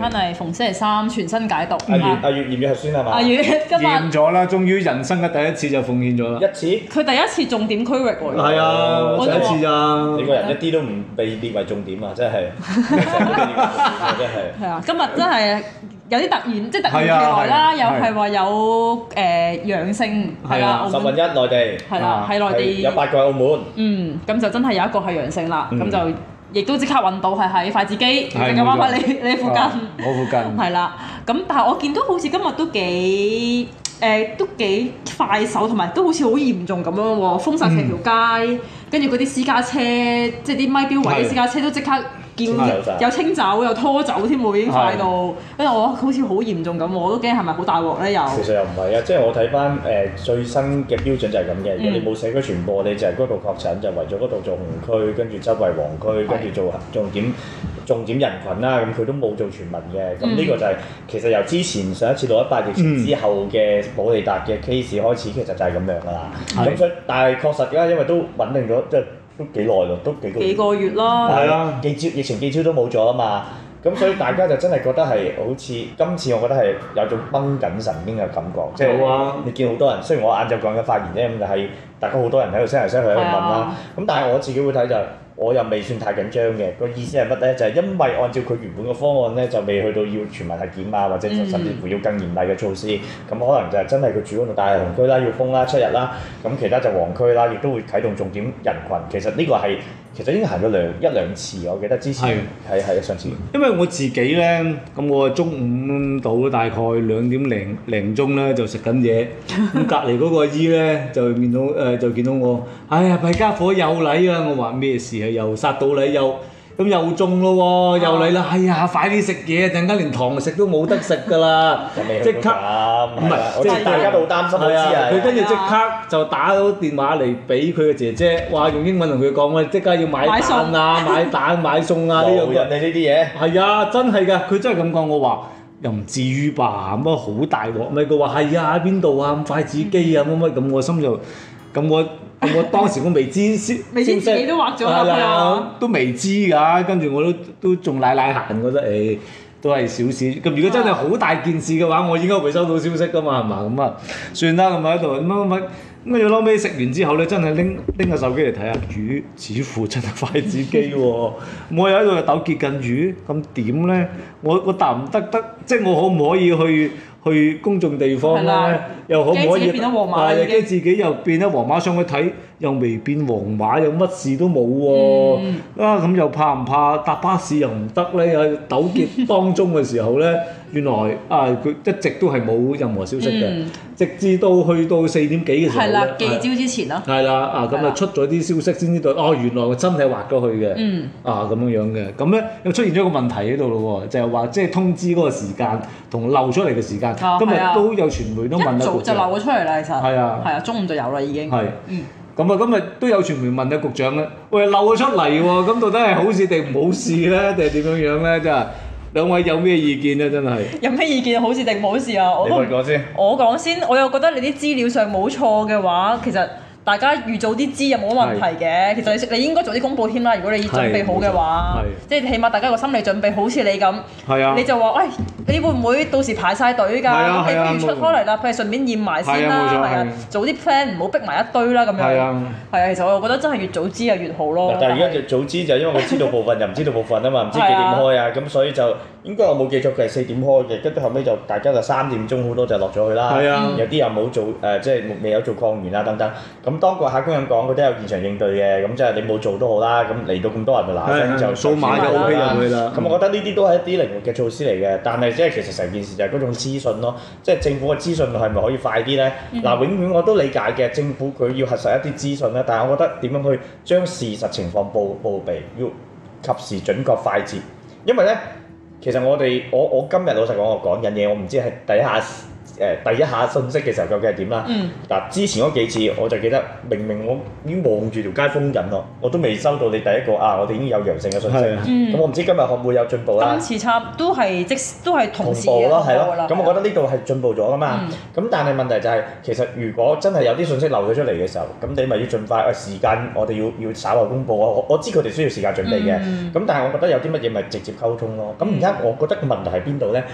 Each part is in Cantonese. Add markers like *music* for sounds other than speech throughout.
返嚟逢星期三傳新解毒。阿月阿月驗核酸係嘛？今日驗咗啦，終於人生嘅第一次就奉獻咗啦。一次。佢第一次重點區域嚟。係啊，我第一次咋？你個人一啲都唔被列為重點啊！真係，真係。係啊，今日真係有啲突然，即係突如其來啦。又係話有誒陽性係啦。十分一內地。係啦，係內地。有八個係澳門。嗯，咁就真係有一個係陽性啦，咁就。亦都即刻揾到，係喺筷子基定嘅返返，你你附近，我、啊、附近，係啦。咁但係我見到好似今日都幾誒、呃，都幾快手，同埋都好似好嚴重咁樣喎，封晒成條街，跟住嗰啲私家車，即係啲咪錶位啲私家車都即刻。見有清走又拖走添喎，已經快到，是的 因為我好似好嚴重咁，我都驚係咪好大鑊咧？又其實又唔係啊，即係我睇翻誒最新嘅標準就係咁嘅，嗯、你冇社區傳播，你就係嗰度確診，就圍咗嗰度做紅區，跟住周圍黃區，是的 跟住做重點重點人群啦，咁佢都冇做全民嘅，咁呢、嗯、個就係、是、其實由之前上一次到六百疫情之後嘅、嗯嗯、保利達嘅 case 開始，其實就係咁樣噶啦。咁、嗯嗯、所以但係確實嘅，因為都穩定咗，即係。都幾耐咯，都幾個月。幾個月啦，係啦吧，幾早疫情幾早都冇咗啊嘛，咁所以大家就真係覺得係好似今次，我覺得係有種繃緊神經嘅感覺。好、就是、啊，你見好多人，雖然我晏晝講嘅發言啫，咁但係大家好多人喺度 send 嚟 send 去喺度問啦。咁、啊、但係我自己會睇就是。我又未算太緊張嘅，個意思係乜咧？就係、是、因為按照佢原本嘅方案咧，就未去到要全民核檢啊，或者甚至乎要更嚴厲嘅措施。咁、嗯、可能就係真係佢住嗰度，大紅區啦，要封啦、出日啦，咁其他就黃區啦，亦都會啟動重點人群。其實呢個係。其實已經行咗兩一兩次，我記得之前係係係上次。因為我自己咧，咁我中午到大概兩點零零鐘咧就食緊嘢，咁隔離嗰個阿姨咧就見到誒、呃、就見到我，哎呀，弊家伙有嚟啦、啊！我話咩事啊？又殺到你，又。咁又中咯喎，又嚟啦！哎呀，快啲食嘢，陣間連堂食都冇得食噶啦！即刻唔係，即係大家都好擔心啊！佢跟住即刻就打咗電話嚟俾佢嘅姐姐，話用英文同佢講，我即刻要買蛋啊、買蛋買餸啊呢樣嗰樣呢啲嘢。係啊，真係㗎，佢真係咁講。我話又唔至於吧，咁啊好大鑊咪？佢話係啊，喺邊度啊？咁快子機啊？乜乜咁？我心就～咁我咁我當時我未知先，未知自己都畫咗啦嘛，都未知㗎。跟住我都都仲奶奶閒，覺得誒、欸、都係小事。咁如果真係好大件事嘅話，我應該會收到消息㗎嘛，係嘛？咁、嗯、啊算啦，咁咪喺度乜乜乜，咁啊要攞尾食完之後咧，真係拎拎個手機嚟睇下魚似乎真係筷子機喎、哦。 *laughs* 我又喺度又糾結緊住，咁點咧？我我答唔得得，即、就、係、是、我可唔可以去？去公眾地方咧、啊，的又可唔可以？但係驚自己又變咗皇馬上去睇。又未變黃馬，又乜事都冇喎。啊，咁又怕唔怕搭巴士又唔得咧？又糾結當中嘅時候咧，原來啊，佢一直都係冇任何消息嘅，直至到去到四點幾嘅時候咧。係啦，幾朝之前咯。係啦，啊咁啊出咗啲消息先知道。哦，原來佢真係滑咗去嘅。嗯。啊咁樣樣嘅，咁咧又出現咗一個問題喺度咯，就係話即係通知嗰個時間同漏出嚟嘅時間，今日都有傳媒都問咗一早就漏咗出嚟啦，其實。係啊。係啊，中午就有啦，已經。係。嗯。咁啊，咁啊，都有傳媒問啊，局長咧，喂，漏咗出嚟喎，咁到底係好事定唔好事咧，定係點樣樣咧？真係兩位有咩意見啊？真係有咩意見，好事定唔好事啊？我講先，我講先，我又覺得你啲資料上冇錯嘅話，其實。大家預早啲知又冇問題嘅，其實你你應該早啲公佈添啦。如果你準備好嘅話，即係起碼大家有個心理準備。好似你咁，你就話：喂，你會唔會到時排曬隊㗎？你不如出開嚟啦，佢哋順便驗埋先啦，係啊，早啲 plan 唔好逼埋一堆啦，咁樣係啊。其實我覺得真係越早知就越好咯。但係而家就早知就因為我知道部分又唔知道部分啊嘛，唔知幾點開啊，咁所以就應該我冇記錯佢係四點開嘅，跟住後尾就大家就三點鐘好多就落咗去啦。有啲又冇做誒，即係未有做抗原啊等等。咁當個客工咁講，佢都有現場應對嘅，咁即係你冇做都好啦。咁嚟到咁多人嘅嗱嗱聲就掃碼就 OK 入去啦。咁、嗯、我覺得呢啲都係一啲靈活嘅措施嚟嘅，但係即係其實成件事就係嗰種資訊咯。即係政府嘅資訊係咪可以快啲咧？嗱、嗯哼啊，永遠我都理解嘅，政府佢要核實一啲資訊咧。但係我覺得點樣去將事實情況報報備，要及時、準確、快捷。因為咧，其實我哋我我今日老實講，我講緊嘢，我唔知係第一下。誒，第一下信息嘅時候究竟係點啦？嗱，之前嗰幾次我就記得，明明我已經望住條街封緊咯，我都未收到你第一個啊，我哋已經有陽性嘅信息。咁我唔知今日可唔會有進步喇？今次差都係即，都係同步發布啦。咁我覺得呢度係進步咗噶嘛。咁但係問題就係，其實如果真係有啲信息漏咗出嚟嘅時候，咁你咪要盡快，時間我哋要要稍後公佈我。我知佢哋需要時間準備嘅。咁但係我覺得有啲乜嘢咪直接溝通咯。咁而家我覺得個問題喺邊度咧？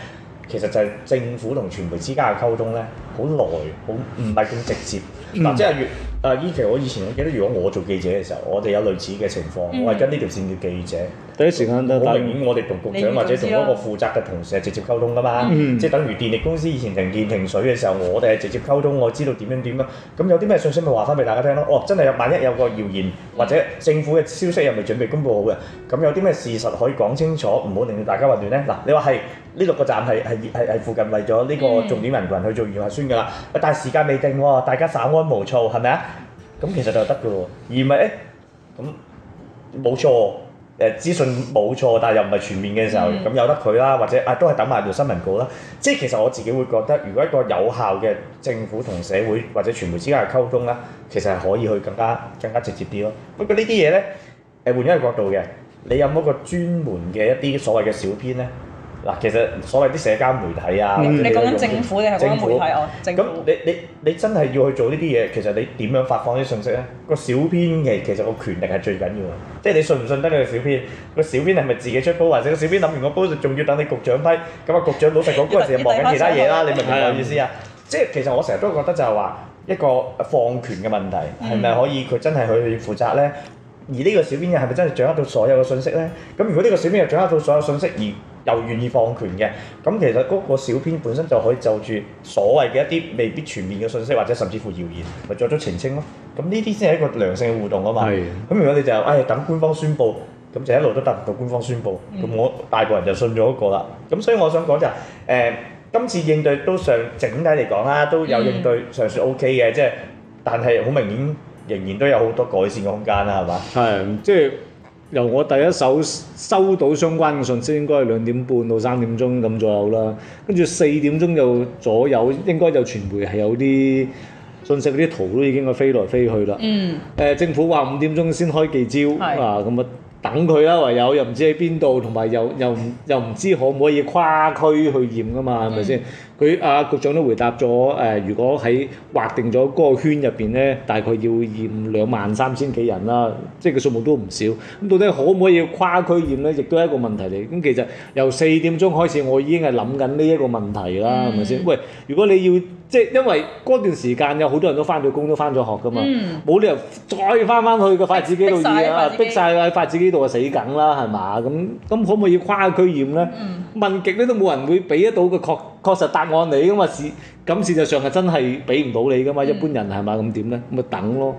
其實就係政府同傳媒之間嘅溝通咧。好耐，好唔係咁直接。嗱、就是，即係越啊，依期我以前我記得，如果我做記者嘅時候，我哋有類似嘅情況，嗯、我係跟呢條線嘅記者。第一時間就我寧願我哋同局長或者同嗰個負責嘅同事係直接溝通㗎嘛。嗯、即係等於電力公司以前停電停水嘅時候，我哋係直接溝通，我知道點樣點咯。咁有啲咩信息咪話翻俾大家聽咯。哦，真係有萬一有個謠言或者政府嘅消息又未準備公佈好嘅，咁有啲咩事實可以講清楚，唔好令到大家混亂咧。嗱，你話係呢六個站係係係附近為咗呢個重點人群去做預埋噶啦，但係時間未定喎，大家稍安無躁，係咪啊？咁其實就得㗎喎，而唔係咁冇錯，誒資訊冇錯，但係又唔係全面嘅時候，咁由得佢啦，或者啊都係等埋條新聞稿啦。即係其實我自己會覺得，如果一個有效嘅政府同社會或者傳媒之間嘅溝通咧，其實係可以去更加更加直接啲咯。不過呢啲嘢咧，誒換一個角度嘅，你有冇一個專門嘅一啲所謂嘅小編咧？嗱，其實所謂啲社交媒體啊，嗯、你講緊政府定係講媒體哦？咁你你你真係要去做呢啲嘢，其實你點樣發放啲信息咧？個小編嘅其實個權力係最緊要，即係你信唔信得你個小編？個小編係咪自己出煲？或者個小編諗完個煲，仲要等你局長批？咁啊，局長老實講嗰陣時望緊其他嘢啦，你明唔明我意思啊？即係、嗯、其實我成日都覺得就係話一個放權嘅問題，係咪可以佢真係去負責咧？而呢個小編又係咪真係掌握到所有嘅信息咧？咁如果呢個小編又掌握到所有信息而又願意放權嘅，咁其實嗰個小編本身就可以就住所謂嘅一啲未必全面嘅信息，或者甚至乎謠言，咪作咗澄清咯。咁呢啲先係一個良性嘅互動啊嘛。咁是的 如果你就誒、哎、等官方宣佈，咁就一路都得唔到官方宣佈，咁我大部分人就信咗一個啦。咁所以我想講就誒、是呃，今次應對都上整體嚟講啦，都有應對尚算 O K 嘅，即係、嗯就是、但係好明顯仍然都有好多改善空間啦，係嘛？係，即係。由我第一手收到相關嘅信息，應該係兩點半到三點鐘咁左右啦。跟住四點鐘就左右，應該就傳媒，係有啲信息，啲圖都已經係飛來飛去啦。嗯、呃。政府話五點鐘先開記招，是啊咁啊等佢啦，唯有又唔知喺邊度，同埋又又唔又唔知可唔可以跨區去驗噶嘛，係咪先？佢阿、啊、局長都回答咗誒、呃，如果喺劃定咗嗰個圈入邊咧，大概要驗兩萬三千幾人啦，即係個數目都唔少。咁、嗯、到底可唔可以跨區驗咧？亦都係一個問題嚟。咁、嗯嗯、其實由四點鐘開始，我已經係諗緊呢一個問題啦，係咪先？喂，如果你要即係因為嗰段時間有好多人都翻咗工、都翻咗學㗎嘛，冇、嗯、理由再翻翻去個筷子基度驗啊，逼曬喺筷子基度啊死梗啦，係嘛、嗯？咁咁可唔可以跨區驗咧？嗯、問極咧都冇人會俾得到個確確實答我你噶嘛，是咁事實上係真係俾唔到你噶嘛，一般人係嘛咁點咧？咁咪等咯，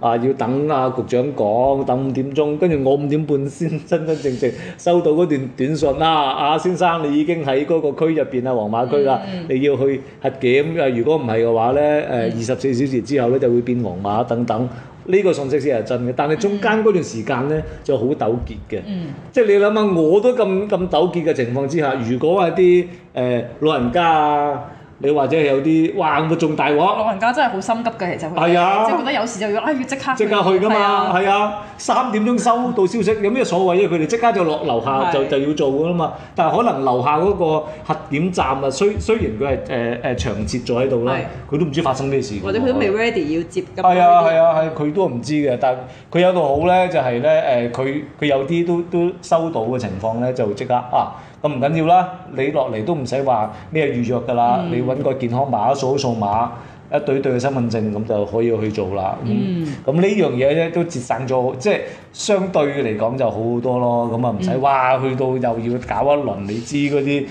啊要等阿、啊、局長講，等五點鐘，跟住我五點半先真真正正，正收到嗰段短信啦、啊。阿、啊、先生你已經喺嗰個區入邊啊，黃碼區啦，嗯嗯你要去核檢。啊，如果唔係嘅話咧，誒二十四小時之後咧就會變黃碼等等。呢個信息先係真嘅，但係中間嗰段時間呢就好糾結嘅，嗯、即你諗下，我都咁咁糾結嘅情況之下，如果係啲、呃、老人家啊～你或者有啲哇，咁啊仲大鑊，老人家真係好心急嘅，其實佢呀，即係覺得有時就要啊、哎、要即刻，即刻去㗎嘛，係啊呀，三點鐘收到消息， *laughs* 有咩所謂啫？佢哋即刻就落樓下就是就要做㗎啦嘛。但係可能樓下嗰個核點站啊，雖雖然佢係誒誒長接咗喺度啦，佢是都唔知發生咩事。或者佢都未 ready 要接。係啊係啊係，佢都唔知嘅。但係佢有個好咧、就是，呃、就係咧誒，佢佢有啲都都收到嘅情況咧，就即刻啊。咁唔緊要啦，你落嚟都唔使話咩預約噶啦，嗯、你揾個健康碼掃一掃碼，一對對嘅身份證咁就可以去做啦。咁呢樣嘢咧都節省咗，即係相對嚟講就好好多咯。咁啊唔使哇，去到又要搞一輪，你知嗰啲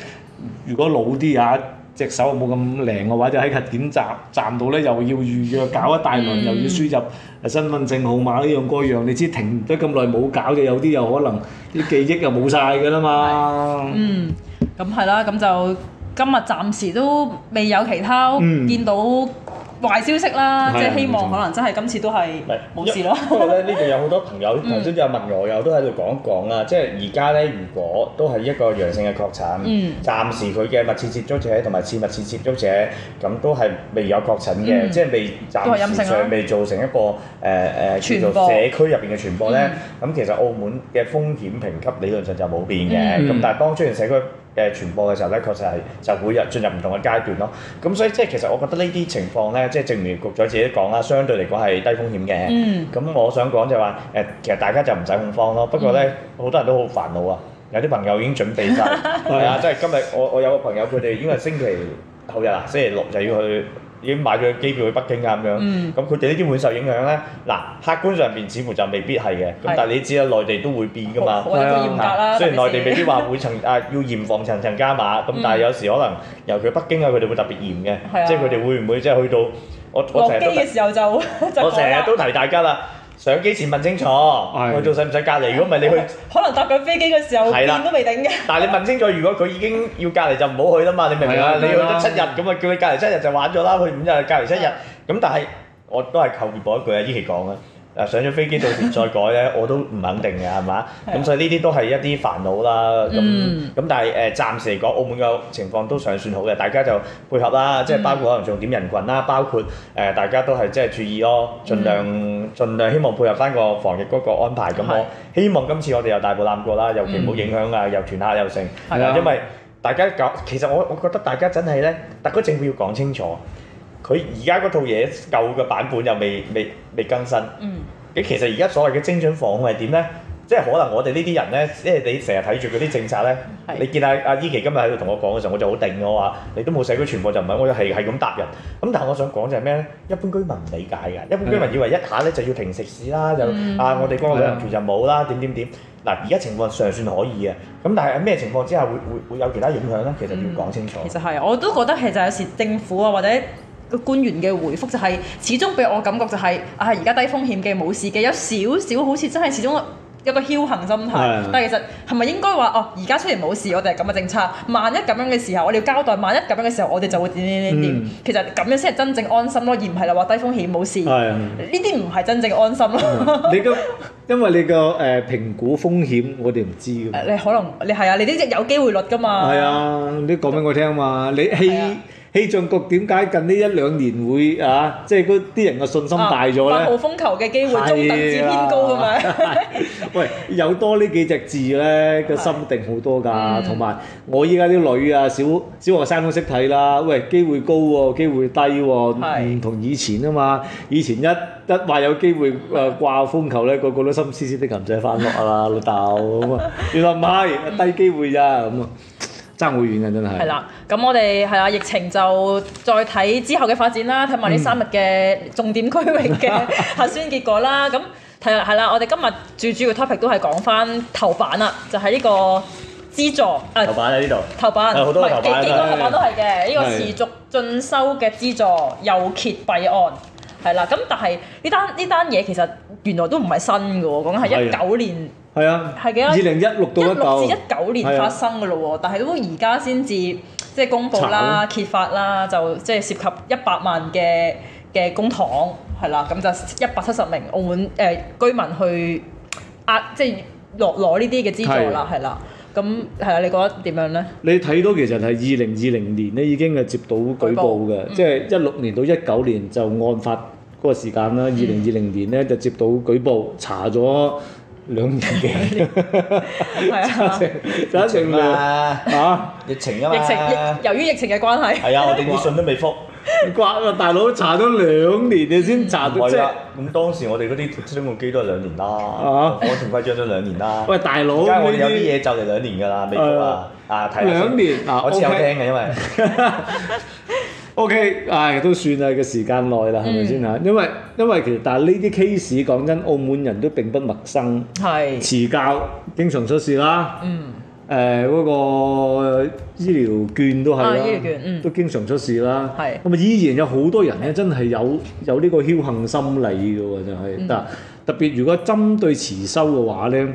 如果老啲啊～隻手冇咁靈嘅話，就喺個檢站站度咧，又要預約搞一大輪，又要輸入身份證號碼呢樣嗰樣，你知停咗咁耐冇搞，就有啲又可能啲記憶又冇晒嘅啦嘛 *laughs* 嗯。嗯，咁係啦，咁就今日暫時都未有其他見到、嗯。壞消息啦，嗯、即係希望可能真係今次都係冇事咯、嗯。不過咧，呢度有好多朋友頭先都有問我，有都喺度講一講啦。即係而家咧，如果都係一個陽性嘅確診，嗯、暫時佢嘅密切接觸者同埋次密切接觸者咁都係未有確診嘅，嗯、即係未暫時上、啊、未造成一個誒誒、呃、叫做社區入邊嘅傳播咧。咁播、嗯、其實澳門嘅風險評級理論上就冇變嘅，咁但係當出現社區嘅傳播嘅時候咧，確實係就會進入唔同嘅階段咯。咁所以即係其實我覺得呢啲情況咧，即係正如局長自己講啦，相對嚟講係低風險嘅。咁、嗯、我想講就話、是、誒，其實大家就唔使恐慌咯。不過咧，好、嗯、多人都好煩惱啊。有啲朋友已經準備晒。係 *laughs* 啊，即係今日我我有個朋友，佢哋已經係星期後日啊，星期六就要去。已經買咗機票去北京啊，咁樣，咁佢哋呢啲會受影響咧？嗱，客觀上邊似乎就未必係嘅，咁但係你知啦，內地都會變噶嘛，係啊，雖然內地未必話會層啊要嚴防層層加碼，咁但係有時可能尤其北京啊，佢哋會特別嚴嘅，即係佢哋會唔會即係去到我我成日落機嘅時候就我成日都提大家啦。上機前問清楚，佢的做使唔使隔離？如果唔係你去，可能搭緊飛機嘅時候面的都未頂嘅。但係你問清楚，的如果佢已經要隔離，就唔好去啦嘛。你明唔明啊？的你要去得七日咁啊，的叫你隔離七日就玩咗啦。的去五日隔離七日，咁的但係我都係求其補一句啊，依期講啊。誒上咗飛機到時再改咧， *laughs* 我都唔肯定嘅係嘛？咁、啊、所以呢啲都係一啲煩惱啦。咁咁、嗯、但係誒、呃，暫時嚟講，澳門嘅情況都尚算好嘅。大家就配合啦，即係、嗯、包括可能重點人群啦，包括誒、呃、大家都係即係注意咯，儘量儘量希望配合翻個防疫嗰個安排咁、啊、我希望今次我哋又大步攬過啦，尤其唔好影響、嗯、斷下啊，又團客又剩。係啊，因為大家搞，其實我我覺得大家真係咧，特區政府要講清楚。佢而家嗰套嘢舊嘅版本又未未未更新，咁、嗯、其實而家所謂嘅精準防控係點咧？即係可能我哋呢啲人咧，即係你成日睇住嗰啲政策咧，你見阿阿依琪今日喺度同我講嘅時候，我就好定，我話你都冇社區傳播就唔係，我係係咁答人。咁但係我想講就係咩咧？一般居民唔理解嘅，一般居民以為一下咧就要停食肆啦，就、嗯、啊我哋嗰個旅遊團就冇啦，點點點。嗱，而家情況上算可以嘅。咁但係咩情況之下會會會有其他影響咧？其實要講清楚、嗯。其實係，我都覺得其實有時政府啊或者。個官員嘅回覆就係，始終俾我感覺就係，啊而家低風險嘅冇事嘅，有少少好似真係始終有個僥倖心態。但係其實係咪應該話，哦而家雖然冇事，我哋係咁嘅政策，萬一咁樣嘅時候，我哋要交代，萬一咁樣嘅時候，我哋就會點點點點。其實咁樣先係真正安心咯，而唔係話低風險冇事。呢啲唔係真正安心咯。你個因為你個誒評估風險，我哋唔知。你可能你係啊，你呢只有機會率㗎嘛。係啊，你講俾我聽啊嘛，你希。氣象局點解近呢一兩年會啊，即係嗰啲人嘅信心大咗咧？八號風球嘅機會都中等偏高咁樣？喂，有多呢幾隻字咧，個心定好多㗎。同埋我依家啲女啊，小小學生都識睇啦。喂，機會高喎，機會低喎，唔同以前啊嘛。以前一一話有機會誒掛風球咧，個個都心思思的銀仔翻學啊啦，老豆。原來唔係，低機會咋咁啊！爭好遠㗎，真係。係 *noise* 啦，咁、嗯、我哋係啦，疫情就再睇之後嘅發展啦，睇埋呢三日嘅重點區域嘅核酸結果啦。咁係啦，係、嗯、啦，嗯、我哋今日最主，主要 topic 都係講翻頭版啦，就係、是、呢個資助。啊、頭版喺呢度。頭版。係好、啊、多頭版。幾個頭版、欸、都係嘅，呢、這個持續進修嘅資助又揭弊案。係、嗯、啦，咁、嗯、但係呢單呢單嘢其實原來都唔係新㗎喎，講緊係一九年。係啊，係幾多？二零一六到一六至一九年發生嘅咯喎，但係都而家先至即係公佈啦、揭發啦，就即係涉及一百萬嘅嘅公帑係啦，咁就一百七十名澳門誒居民去呃，即係攞攞呢啲嘅資助啦，係啦。咁係啊，你覺得點樣咧？你睇到其實係二零二零年咧已經係接到舉報嘅，即係一六年到一九年就案發嗰個時間啦。二零二零年咧就接到舉報，查咗。兩年幾，疫情嘛嚇？疫情啊嘛？由於疫情嘅關係，係啊，我哋電信都未復，掛啊！大佬查咗兩年你先查到啫。咁當時我哋嗰啲專用機都係兩年啦。嚇，我停費漲咗兩年啦。喂，大佬，我哋有啲嘢就嚟兩年㗎啦，未復啊！啊，睇兩年，我似有聽嘅，因為。O、okay, K，唉，都算啦，個時間耐啦，係咪先嚇？嗯、因為因為其實但係呢啲 case 講真，澳門人都並不陌生。係持教經常出事啦。嗯、呃。誒、那、嗰個醫療券都係啦。啊，醫療券、嗯、都經常出事啦。係、嗯。咁啊，依然有好多人咧，真係有有呢個僥倖心理嘅喎，就係、是。嗯。特別如果針對持修嘅話咧，誒、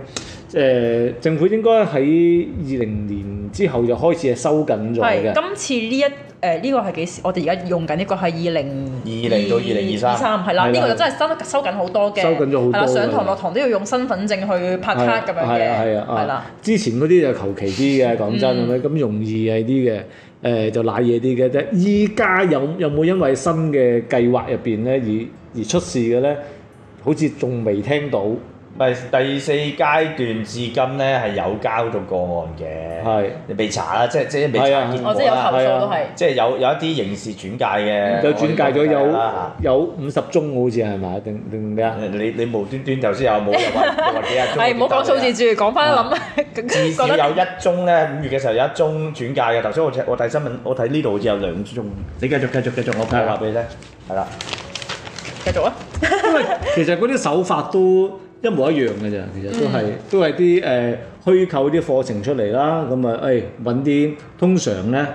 呃、政府應該喺二零年之後就開始係收緊咗嘅。係、嗯，今次呢一。誒呢個係幾時？我哋而家用緊呢個係二零二零到二零二三三。係啦。呢個就真係收收緊好多嘅，收緊咗好多！上堂落堂都要用身份證去拍卡咁樣嘅。係啊係啊，係啦。之前嗰啲就求其啲嘅，講真咁樣咁容易係啲嘅。誒就賴嘢啲嘅，但係依家有有冇因為新嘅計劃入邊咧而而出事嘅咧？好似仲未聽到。唔係第四階段至今咧係有交到個案嘅，你被查啦，即即係有查見都啦，即係有有一啲刑事轉介嘅，有轉介咗有有五十宗好似係咪定定咩啊？你你無端端頭先有冇又話幾廿宗？係唔好講數字住，講翻諗至少有一宗咧，五月嘅時候有一宗轉介嘅。頭先我睇我睇新聞，我睇呢度好似有兩宗。你繼續繼續繼續，我話畀你聽。係啦，繼續啊！因為其實嗰啲手法都～一模一樣嘅咋，其實都係都係啲誒虛構啲課程出嚟啦，咁啊誒揾啲通常咧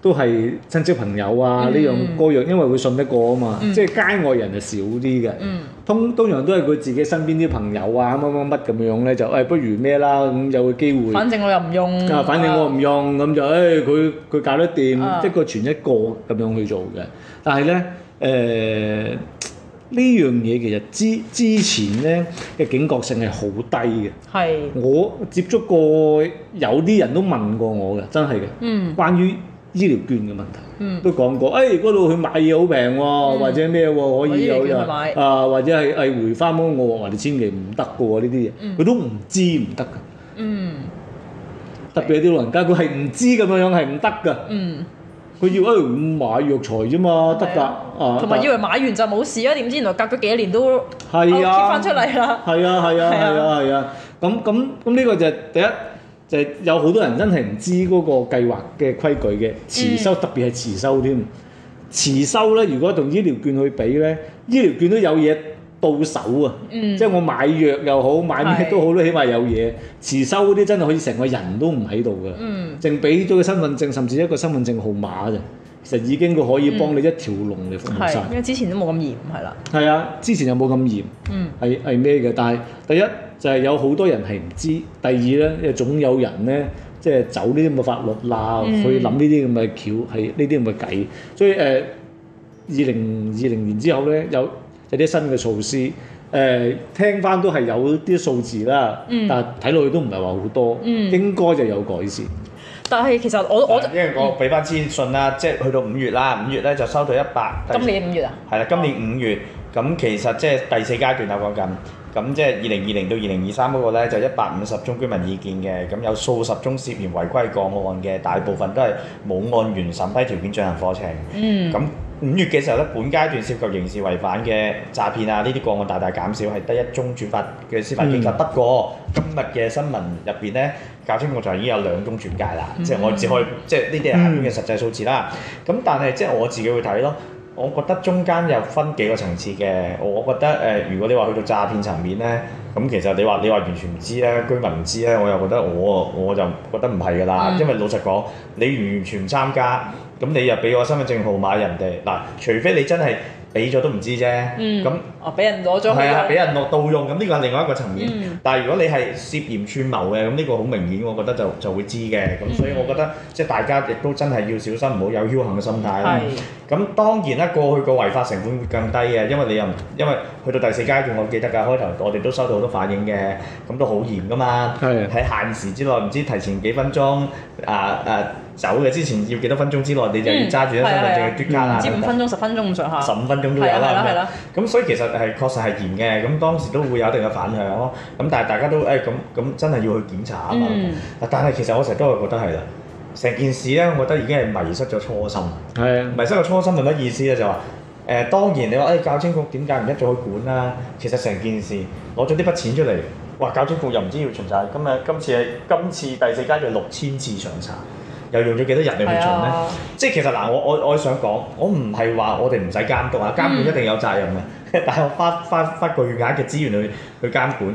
都係親戚朋友啊，呢樣嗰樣，因為會信得過啊嘛，即係街外人就少啲嘅。通通常都係佢自己身邊啲朋友啊乜乜乜咁樣咧，就誒不如咩啦，咁有個機會，反正我又唔用，反正我唔用，咁就誒佢佢搞得掂一個全一個咁樣去做嘅，但係咧誒。呢樣嘢其實之之前咧嘅警覺性係好低嘅。係。我接觸過有啲人都問過我嘅，真係嘅。嗯。關於醫療券嘅問題。嗯。都講過，誒嗰度佢買嘢好平喎，嗯、或者咩喎可以有買啊，或者係係、哎、回翻我話你千祈唔得嘅呢啲嘢。佢都唔知唔得㗎。嗯。嗯，特別啲老人家，佢係唔知咁樣樣係唔得㗎。嗯。佢以為買藥材啫嘛，得㗎的啊！同埋以為買完就冇事啊，點知原來隔咗幾年都揭翻出嚟啦！係啊係啊係啊係啊！咁咁咁呢個就第一就係、是、有好多人真係唔知嗰個計劃嘅規矩嘅，遲收、嗯、特別係遲收添。遲收咧，如果同醫療券去比咧，醫療券都有嘢到手啊！嗯、即係我買藥又好，買咩都好都係起碼有嘢。遲收啲真係可以成個人都唔喺度嘅，淨俾咗個身份證，甚至一個身份證號碼啫。其實已經佢可以幫你一條龍嚟服務曬。因為之前都冇咁嚴，係啦。係啊，之前又冇咁嚴，係係咩嘅？但係第一就係、是、有好多人係唔知，第二咧，因為總有人咧，即、就、係、是、走呢啲咁嘅法律罅，嗯、去諗呢啲咁嘅橋，係呢啲咁嘅計。所以誒，二零二零年之後咧，有。有啲新嘅措施，誒、呃、聽翻都係有啲數字啦，嗯、但睇落去都唔係話好多，嗯、應該就有改善。但係其實我我就因為我俾翻資訊啦，嗯、即係去到五月啦，五月咧就收到一百。今年五月啊？係啦，今年五月，咁、哦、其實即係第四階段啊，講緊，咁即係二零二零到二零二三嗰個咧，就一百五十宗居民意見嘅，咁有數十宗涉嫌違規個案嘅，大部分都係冇按原審批條件進行課程。嗯。咁。五月嘅時候咧，本階段涉及刑事違反嘅詐騙啊，呢啲個案大大減少，係得一宗轉發嘅司法紀錄。嗯。不過今日嘅新聞入邊咧，搞清楚就已經有兩宗轉介啦，嗯、嗯即係我只可以即係呢啲係下面嘅實際數字啦。咁、嗯、但係即係我自己會睇咯，我覺得中間有分幾個層次嘅。我覺得誒、呃，如果你話去到詐騙層面咧，咁其實你話你話完全唔知咧，居民唔知咧，我又覺得我我就覺得唔係㗎啦。嗯、因為老實講，你完完全唔參加。咁你又俾我身份證號碼人哋嗱，除非你真係俾咗都唔知啫。嗯。咁。哦，俾人攞咗。係啊，俾人攞盜、啊、用，咁呢個係另外一個層面。嗯、但係如果你係涉嫌串謀嘅，咁呢個好明顯，我覺得就就會知嘅。咁所以我覺得、嗯、即係大家亦都真係要小心，唔好有僥倖嘅心態啦。咁、嗯、當然啦，過去個違法成本會更低嘅，因為你又因為去到第四階段，我記得㗎，開頭我哋都收到好多反應嘅，咁都好嚴㗎嘛。係。喺限時之內，唔知提前幾分鐘啊啊！啊啊走嘅之前要幾多分鐘之內，你就要揸住啲身份證嘟卡啦，唔知五分鐘、但十分鐘咁上下，十五分鐘都、嗯、有啦。咁所以其實係確實係嚴嘅。咁當時都會有一定嘅反響咯。咁但係大家都誒咁咁，欸、真係要去檢查啊嘛。嗯、但係其實我成日都係覺得係啦，成件事咧，我覺得已經係迷失咗初心。係、嗯、迷失咗初心，係乜意思咧、就是？就話誒，當然你話誒、欸、教青局點解唔一早去管啦？其實成件事攞咗啲筆錢出嚟，哇！教青局又唔知要巡查，咁啊今次係今，今次第四階段六千次，次，次上查。又用咗幾多人嚟去做咧？是啊、即係其實嗱，我我我想講，我唔係話我哋唔使監督啊，監管一定有責任嘅。嗯、 *laughs* 但係我花花花巨額嘅資源去去監管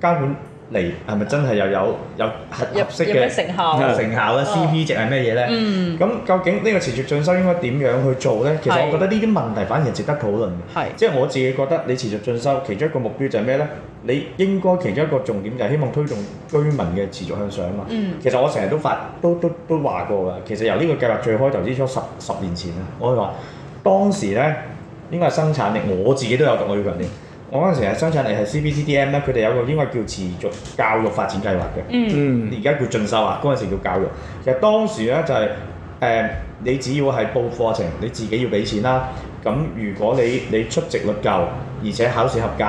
監管，嚟係咪真係又有有合合適嘅成效咧？有成效咧、oh.，CP 值係咩嘢咧？咁、mm. 究竟呢個持續進修應該點樣去做咧？其實我覺得呢啲問題反而係值得討論嘅。係，即係我自己覺得你持續進修，其中一個目標就係咩咧？你應該其中一個重點就係希望推動居民嘅持續向上啊嘛。Mm. 其實我成日都發都都都話過㗎。其實由呢個計劃最開頭之初十十年前啊，我話當時咧應該係生產力，我自己都有個要求啲。我嗰陣時係生產力係 c b c d m 咧，佢哋有個應該叫持續教育發展計劃嘅，嗯，而家叫進修啊，嗰陣時叫教育。其實當時咧就係、是、誒、呃，你只要係報課程，你自己要俾錢啦。咁如果你你出席率夠，而且考試合格，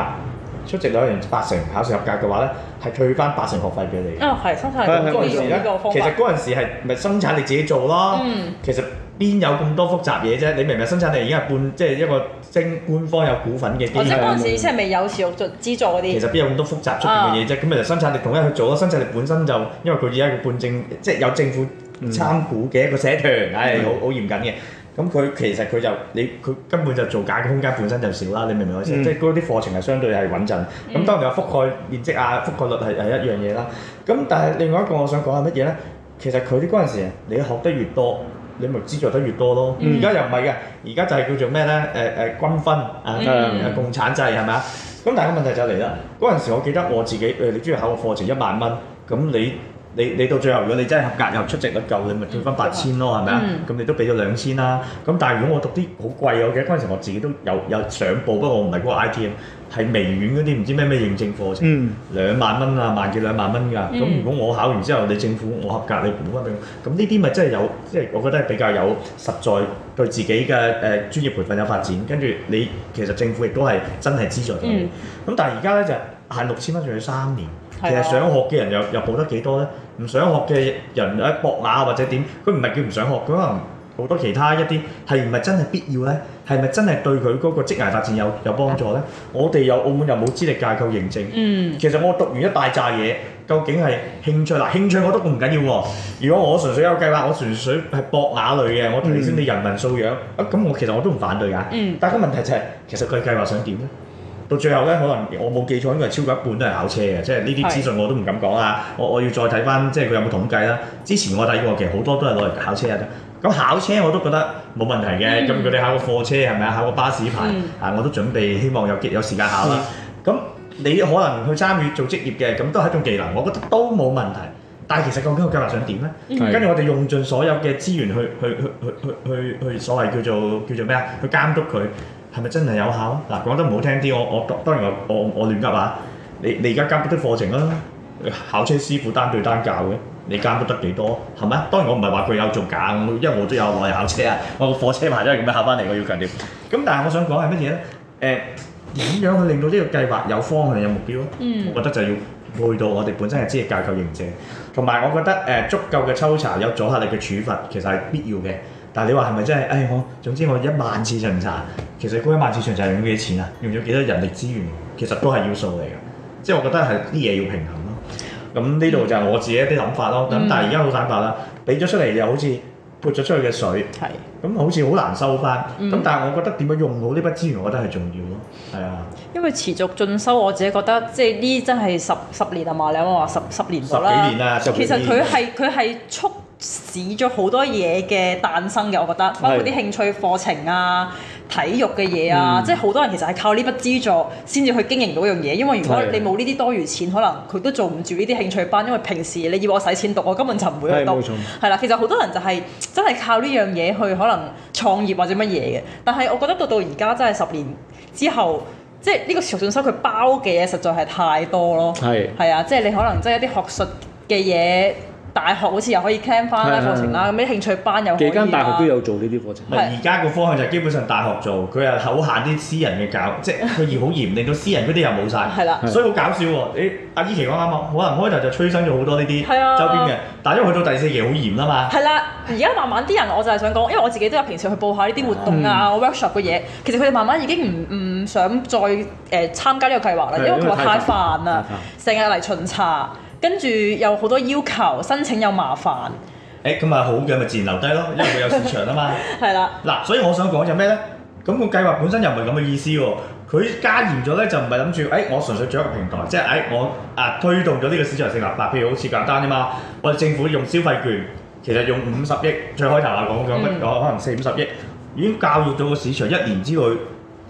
出席兩成八成，考試合格嘅話咧，係退翻八成學費俾你。啊、哦，係生產力嗰咧，其實嗰陣時係咪生產力自己做咯？嗯、其實邊有咁多複雜嘢啫？你明唔明生產力已經係半，即、就、係、是、一個。官方有股份嘅，或者嗰陣時即係未有持續資助嗰啲。其實邊有咁多複雜出面嘅嘢啫？咁咪就生產力統一去做咯。生產力本身就因為佢而家個半政，即係有政府參股嘅一個社團，係好好嚴謹嘅。咁佢其實佢就你佢根本就造假嘅空間本身就少啦。你明唔明我意思？即係嗰啲課程係相對係穩陣。咁、嗯、當然有覆蓋面積啊，覆蓋率係係一樣嘢啦。咁但係另外一個我想講係乜嘢咧？其實佢啲嗰陣時，你學得越多。你咪資助得越多咯，而家、嗯、又唔係嘅，而家就係叫做咩咧？誒誒均分啊，呃嗯、共產制係咪啊？咁但係個問題就嚟啦，嗰陣時我記得我自己誒、呃，你中意考個課程一萬蚊，咁你。你你到最後，如果你真係合格又出席得夠，你咪退翻八千咯，係咪啊？咁、嗯、你都俾咗兩千啦。咁但係如果我讀啲好貴嘅，我記得嗰陣時我自己都有有上報，不過我唔係嗰個 ITM，係微軟嗰啲唔知咩咩認證課程，兩、嗯、萬蚊啊，萬幾兩萬蚊㗎。咁、嗯、如果我考完之後，你政府我合格，你補翻俾我。咁呢啲咪真係有，即係我覺得係比較有實在對自己嘅誒專業培訓有發展。跟住你其實政府亦都係真係資助咗你。咁、嗯、但係而家咧就限六千蚊，仲要三年。嗯、其實想學嘅人又又報得幾多咧？唔想學嘅人啊，博雅或者點，佢唔係叫唔想學，佢可能好多其他一啲係唔係真係必要咧？係咪真係對佢嗰個職涯發展有有幫助咧？嗯、我哋有澳門又冇資歷架構認證，其實我讀完一大扎嘢，究竟係興趣嗱？興趣，興趣我都唔緊要喎。如果我純粹有計劃，我純粹係博雅類嘅，我提升你人文素養、嗯、啊，咁我其實我都唔反對嘅。嗯、但係個問題就係、是，其實佢計劃想點咧？到最後咧，可能我冇記錯，應該係超過一半都係考車嘅，即係呢啲資訊我都唔敢講啦！我我要再睇翻，即係佢有冇統計啦。之前我睇過，其實好多都係攞嚟考車嘅。咁考車我都覺得冇問題嘅。咁佢哋考個貨車係咪啊？考個巴士牌啊！我都準備希望有有時間考啦。咁你可能去參與做職業嘅，咁都係一種技能，我覺得都冇問題。但係其實究竟個計劃想點咧？跟住我哋用盡所有嘅資源去去去去去去去所謂叫做叫做咩啊？去監督佢。係咪真係有效啊？嗱，講得唔好聽啲，我我當然我我我亂噏嚇，你你而家監督啲課程啊？考車師傅單對單教嘅，你監督得幾多？係咪？當然我唔係話佢有做假，因為我都有攞嚟考車啊，我個駕駛牌都係咁樣考翻嚟我要強調。咁但係我想講係乜嘢咧？誒、呃，點樣去令到呢個計劃有方向、有目標咧？嗯、我覺得就要去到我哋本身係知嘅教教認證，同埋我覺得誒、呃、足夠嘅抽查有阻嚇力嘅處罰，其實係必要嘅。但係你話係咪真係？誒、哎、我總之我一萬次巡查，其實嗰一萬次巡查用幾錢啊？用咗幾多人力資源？其實都係要數嚟嘅，即係我覺得係啲嘢要平衡咯。咁呢度就係我自己啲諗法咯。咁、嗯、但係而家好坦白啦，俾咗出嚟又好似潑咗出去嘅水，咁是好似好難收翻。咁、嗯、但係我覺得點樣用到呢筆資源，我覺得係重要咯。係啊，因為持續進修，我自己覺得即係呢真係十十年啊嘛，你話十十年十到啦，就是、年其實佢係佢係速。使咗好多嘢嘅誕生嘅，我覺得，包括啲興趣課程啊、體育嘅嘢啊，嗯、即係好多人其實係靠呢筆資助先至去經營到一樣嘢，因為如果你冇呢啲多餘錢，可能佢都做唔住呢啲興趣班，因為平時你要我使錢讀，我根本就唔會去讀。係啦，其實好多人就係真係靠呢樣嘢去可能創業或者乜嘢嘅，但係我覺得到到而家真係十年之後，即係呢個持進修佢包嘅嘢實在係太多咯。係啊是的，即係你可能即係一啲學術嘅嘢。大學好似又可以 cancel 翻啲課程啦，咁啲興趣班又幾間大學都有做呢啲課程。而家個方向就基本上大學做，佢又口限啲私人嘅教，即係佢嚴好嚴，令到私人嗰啲又冇晒。係啦，所以好搞笑喎！阿依琪講啱，可能開頭就催生咗好多呢啲周邊嘅，但係因為去到第四期好嚴啊嘛。係啦，而家慢慢啲人，我就係想講，因為我自己都有平時去報下呢啲活動啊、workshop 嘅嘢，其實佢哋慢慢已經唔唔想再誒參加呢個計劃啦，因為佢話太煩啦，成日嚟巡查。跟住有好多要求，申請又麻煩。誒咁咪好嘅，咪自然留低咯，因為佢有市場啊嘛。係 *laughs* 了啦。嗱，所以我想講就咩咧？咁、那個計劃本身又唔係咁嘅意思喎。佢加嚴咗咧，就唔係諗住誒，我純粹做一個平台，即係誒、欸、我啊推動咗呢個市場性啊。譬如好似簡單啊嘛，我哋政府用消費券，其實用五十億，最開頭我講咗乜，嗯、可能四五十億，已經教育到個市場一年之內。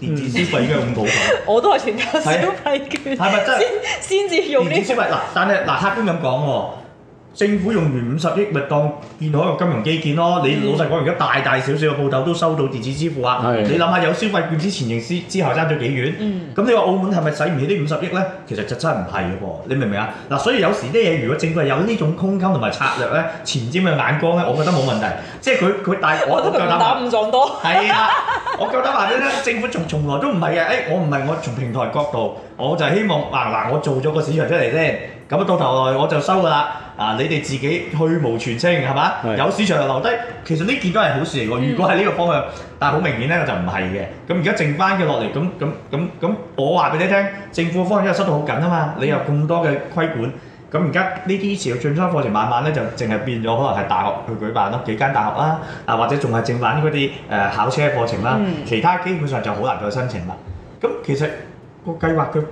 電子消費應該用到嘅，我都係全靠消費券，先先至用電子消費。嗱，但係嗱，客觀咁講喎。政府用完五十億，咪當建海嘅金融基建咯？你老實講而家大大小小嘅鋪頭都收到電子支付啊！嗯、你諗下，有消費券之前、迎之之後，爭咗幾遠？咁、嗯、你話澳門係咪使唔起呢五十億咧？其實就真係唔係嘅噃，你明唔明啊？嗱，所以有時啲嘢，如果政府係有呢種空間同埋策略咧，前瞻嘅眼光咧，我覺得冇問題。即係佢佢，但係我唔夠膽打五撞多。係啊，我夠膽話咧，政府從從來都唔係嘅。誒、欸，我唔係我從平台角度，我就希望嗱嗱、啊，我做咗個市場出嚟先。咁到頭來我就收㗎啦，啊，你哋自己去無全清係嘛？是有市場就留低，其實呢件都係好事嚟㗎。如果係呢個方向，嗯、但係好明顯咧就唔係嘅。咁而家剩翻嘅落嚟，咁咁咁咁，我話俾你聽，政府嘅方向因為收到好緊啊嘛，你有咁多嘅規管，咁而家呢啲持續進修課程慢慢咧就淨係變咗，可能係大學去舉辦咯，幾間大學啦，啊或者仲係剩翻嗰啲誒考車課程啦，嗯、其他基本上就好難再申請啦。咁其實個計劃佢。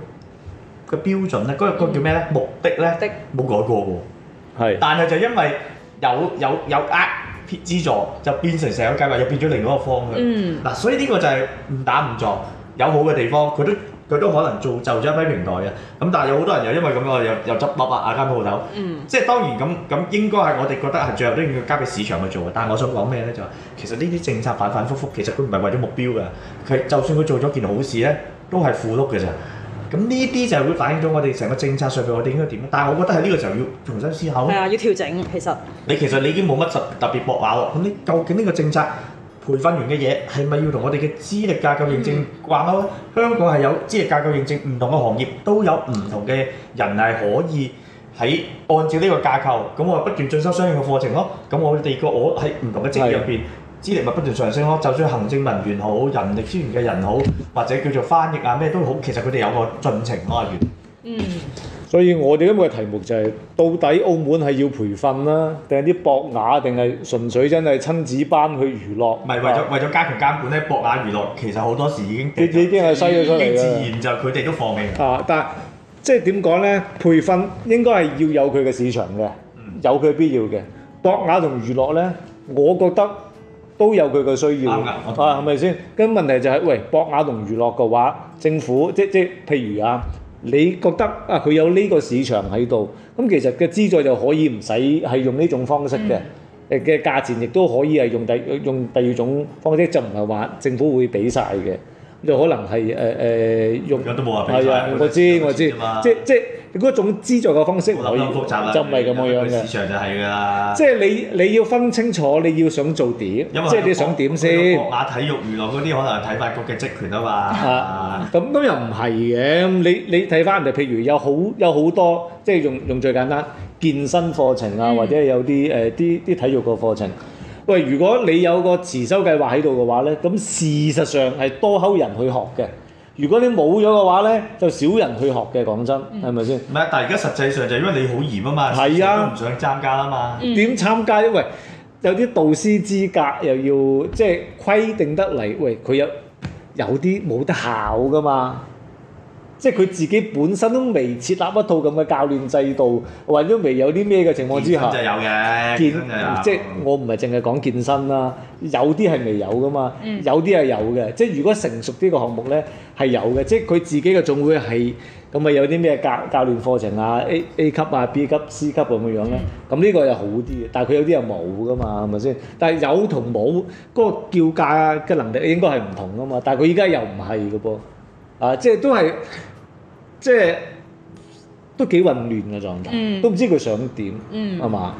個標準咧，嗰、嗰個叫咩咧？目的咧冇改過喎，係，但係就因為有有有額貼資助，就變成社會計劃，又變咗另一個方向。嗱、嗯啊，所以呢個就係誤打誤撞，有好嘅地方，佢都佢都可能造就咗一批平台嘅。咁、嗯、但係有好多人又因為咁啊，又又執笠啊，阿間鋪頭。嗯、即係當然咁咁，應該係我哋覺得係最後都要交俾市場去做嘅。但係我想講咩咧？就話、其實呢啲政策反反覆覆，其實佢唔係為咗目標㗎。佢就算佢做咗件好事咧，都係符碌嘅咋。咁呢啲就係會反映咗我哋成個政策上邊，我哋應該點？但係我覺得喺呢個時候要重新思考。係啊，要調整其實。你其實你已經冇乜特特別博雅喎。咁你究竟呢個政策培訓完嘅嘢係咪要同我哋嘅資歷架構認證掛鈎？香港係有資歷架構認證，唔、嗯、同嘅行業都有唔同嘅人係可以喺按照呢個架構，咁我就不斷進修相應嘅課程咯。咁我哋二個，我喺唔同嘅職業入邊。資歷咪不斷上升咯，就算行政文員好，人力資源嘅人好，或者叫做翻譯啊咩都好，其實佢哋有個盡情愛願。嗯。所以我哋今日嘅題目就係、是、到底澳門係要培訓啦，定係啲博雅，定係純粹真係親子班去娛樂？唔係是是為咗為咗加強監管咧，博雅娛樂其實好多時已經，已經係篩咗出嚟已經自然就佢哋都放棄。啊，但即係點講咧？培訓應該係要有佢嘅市場嘅，有佢必要嘅。嗯、博雅同娛樂咧，我覺得。都有佢個需要看看啊，係咪先？咁問題就係、是，喂博雅同娛樂嘅話，政府即即譬如啊，你覺得啊佢有呢個市場喺度，咁、嗯、其實嘅資助就可以唔使係用呢種方式嘅。誒嘅、嗯呃、價錢亦都可以係用第用第二種方式，就唔係話政府會俾晒嘅，就可能係誒誒用，而家都冇話俾曬，我知我知，即即。嗰種資助嘅方式複雜，就唔係咁樣嘅。即係你你要分清楚，你要想做點，即係你想點先。學下體育娛樂嗰啲，可能係體育局嘅職權啊嘛。咁咁又唔係嘅。你你睇翻人哋，譬如有好有好多，即係用用最簡單健身課程啊，嗯、或者有啲誒啲啲體育嘅課程。喂，如果你有個持修計劃喺度嘅話咧，咁事實上係多口人去學嘅。如果你冇咗嘅話咧，就少人去學嘅。講真，係咪先？唔係，但係而家實際上就因為你好嚴啊嘛，大家都唔想參加啦嘛。點、嗯、參加？因為，喂，有啲導師資格又要即係、就是、規定得嚟，喂，佢有有啲冇得考噶嘛。即係佢自己本身都未設立一套咁嘅教練制度，或者未有啲咩嘅情況之下，健就有嘅，健、健即係我唔係淨係講健身啦，有啲係未有噶嘛，有啲係有嘅。嗯、即係如果成熟啲嘅項目咧係有嘅，即係佢自己嘅總會係咁啊，有啲咩教教練課程啊 A A 級啊 B 級 C 級咁、啊、嘅、嗯、樣咧，咁呢個又好啲嘅。但係佢有啲又冇噶嘛，係咪先？但係有同冇嗰個叫價嘅能力應該係唔同噶嘛。但係佢依家又唔係噶噃，啊即係都係。即係都幾混亂嘅狀態，都唔知佢想點，係嘛？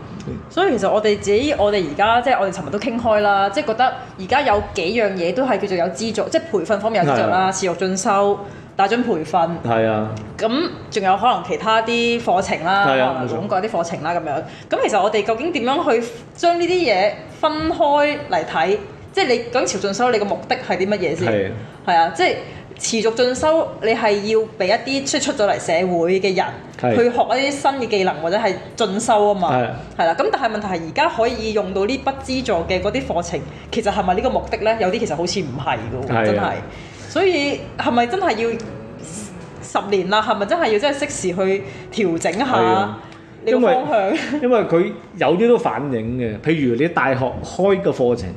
所以其實我哋自己，我哋而家即係我哋尋日都傾開啦，即係覺得而家有幾樣嘢都係叫做有資助，即係培訓方面有資助啦，持續進修、大專培訓，係啊，咁仲有可能其他啲課程啦，各種各啲課程啦咁樣。咁其實我哋究竟點樣去將呢啲嘢分開嚟睇？即係你講持續進修，你嘅目的係啲乜嘢先？係啊，即係。持續進修，你係要俾一啲即出咗嚟社會嘅人是去學一啲新嘅技能或者係進修啊嘛，係啦是。咁但係問題係而家可以用到呢筆資助嘅嗰啲課程，其實係咪呢個目的呢？有啲其實好似唔係㗎，真係。的所以係咪真係要十年啦？係咪真係要真係適時去調整一下呢個方向？因為佢 *laughs* 有啲都反映嘅，譬如你大學開個課程。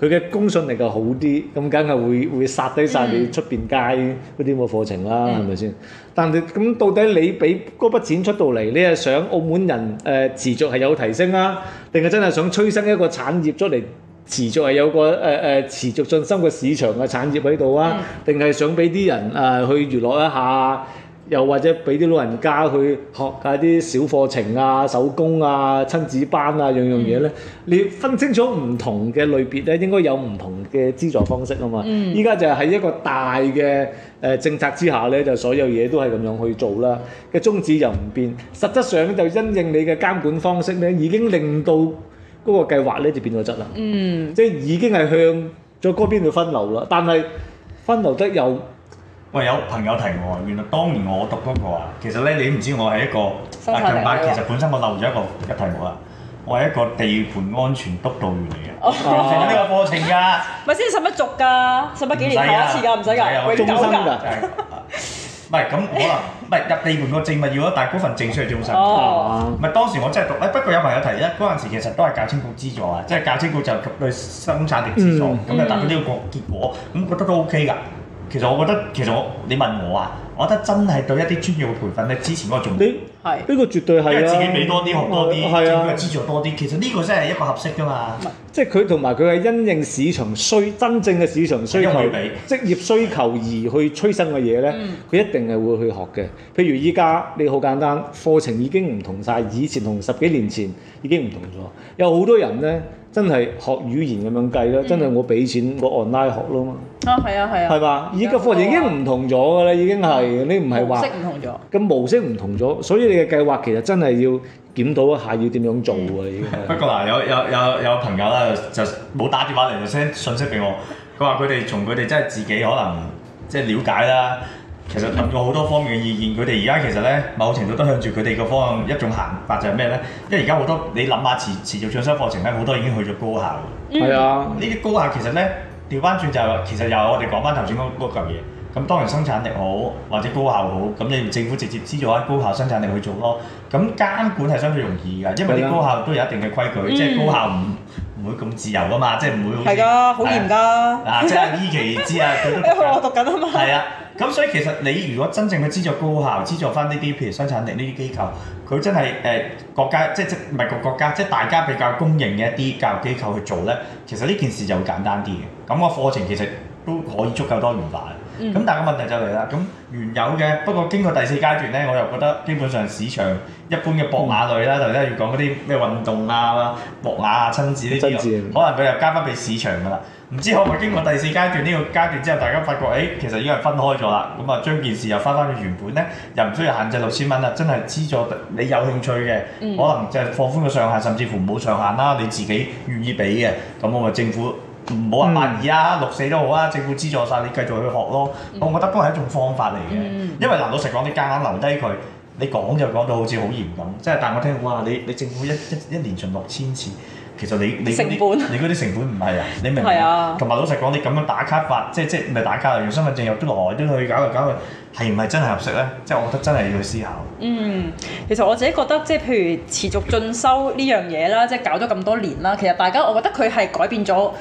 佢嘅公信力就好啲，咁梗係會會殺低晒你出邊街嗰啲咁嘅課程啦，係咪先？但係咁到底你俾嗰筆錢出到嚟，你係想澳門人誒、呃、持續係有提升啊，定係真係想催生一個產業出嚟持續係有個誒誒、呃、持續進修嘅市場嘅產業喺度啊？定係、mm hmm. 想俾啲人誒、呃、去娛樂一下？又或者俾啲老人家去學下啲小課程啊、手工啊、親子班啊，樣樣嘢咧，嗯、你分清楚唔同嘅類別咧，應該有唔同嘅資助方式啊嘛。依家、嗯、就喺一個大嘅誒政策之下咧，就所有嘢都係咁樣去做啦。嘅、嗯、宗旨又唔變，實質上咧就因應你嘅監管方式咧，已經令到嗰個計劃咧就變咗質啦。嗯，即係已經係向咗嗰邊去分流啦，但係分流得又～喂，有朋友提我，原來當年我讀嗰個啊，其實咧你都唔知我係一個，啊近排其實本身我漏咗一個一題目啊，我係一個地盤安全督導員嚟嘅，哦，有呢個課程㗎，咪先十一年續㗎，十一年幾年考一次㗎，唔使㗎，你仲深㗎，唔係咁可能，唔係入地盤個證物要咯，但係嗰份證書係終身，哦，咪當時我真係讀，誒不過有朋友提咧，嗰陣時其實都係教青局資助啊，即係教青局就係對生產力資助，咁就達到呢個結果，咁覺得都 OK 㗎。其實我覺得，其實我你問我啊，我覺得真係對一啲專業嘅培訓咧，之前嗰個仲，呢個你是絕對係、啊、自己俾多啲學多啲，政府嘅資助多啲，其實呢個真係一個合適㗎嘛。即係佢同埋佢係因應市場需真正嘅市場需求，比職業需求而去催生嘅嘢呢，佢、嗯、一定係會去學嘅。譬如依家你好簡單，課程已經唔同晒，以前同十幾年前已經唔同咗，有好多人呢。嗯真係學語言咁樣計啦，嗯、真係我俾錢我 online 學咯嘛。啊，係啊，係啊。係嘛，依家課程已經唔同咗㗎啦，已經係你唔係話。唔同咗。咁模式唔同咗，所以你嘅計劃其實真係要檢討一下，要點樣做啊？已經、嗯。是不過嗱，有有有有朋友咧就冇打電話嚟就 send 信息俾我，佢話佢哋從佢哋真係自己可能即係、就是、了解啦。其實諗咗好多方面嘅意見，佢哋而家其實咧，某程度都向住佢哋個方向一種行法就係咩咧？因為而家好多你諗下，持持續進修課程咧，好多已經去咗高校嘅。啊、嗯。呢啲、嗯、高校其實咧，調翻轉就其實又係我哋講翻頭先嗰嚿嘢。咁當然生產力好或者高校好，咁你政府直接資助喺高校生產力去做咯。咁監管係相對容易㗎，因為啲高校都有一定嘅規矩，即係、嗯、高校唔唔會咁自由㗎嘛，即係唔會。係、就、㗎、是，好嚴㗎。嗱、啊，即係依期知啊，佢都、 *laughs* 哎。我讀緊啊嘛。係啊、 *laughs* 哎。咁所以其實你如果真正去資助高校，資助返呢啲譬如生產力呢啲機構，佢真係誒、呃、國家，即係即唔係個國家，即係大家比較公認嘅一啲教育機構去做咧，其實呢件事就會簡單啲嘅。咁、那個課程其實都可以足夠多元化。咁但係個問題就嚟啦，咁原有嘅不過經過第四階段咧，我又覺得基本上市場一般嘅博雅類啦，頭先講嗰啲咩運動啊、博雅啊、親子呢啲，可能佢又加翻俾市場㗎啦。唔知可唔可以經過第四階段呢個階段之後，大家發覺誒、欸，其實已經係分開咗啦。咁啊，將件事又翻返去原本咧，又唔需要限制六千蚊啦。真係資助你有興趣嘅，嗯、可能就係放寬個上限，甚至乎冇上限啦。你自己願意俾嘅，咁我咪政府。唔好話八二啊，六四都好啊，政府資助晒，你繼續去學咯。嗯、我覺得都係一種方法嚟嘅，嗯、因為嗱，老實講，你夾硬，硬留低佢，你講就講到好似好嚴咁。即係，但我聽哇，你你政府一一一年盡六千次，其實你你你嗰啲成本唔係啊，你明唔明啊？同埋老實講，你咁樣打卡法，即即咪打卡用身份證入啲來都去搞嚟搞去，係唔係真係合適咧？即係我覺得真係要去思考。嗯，其實我自己覺得即係譬如持續進修呢樣嘢啦，即係搞咗咁多年啦，其實大家我覺得佢係改變咗。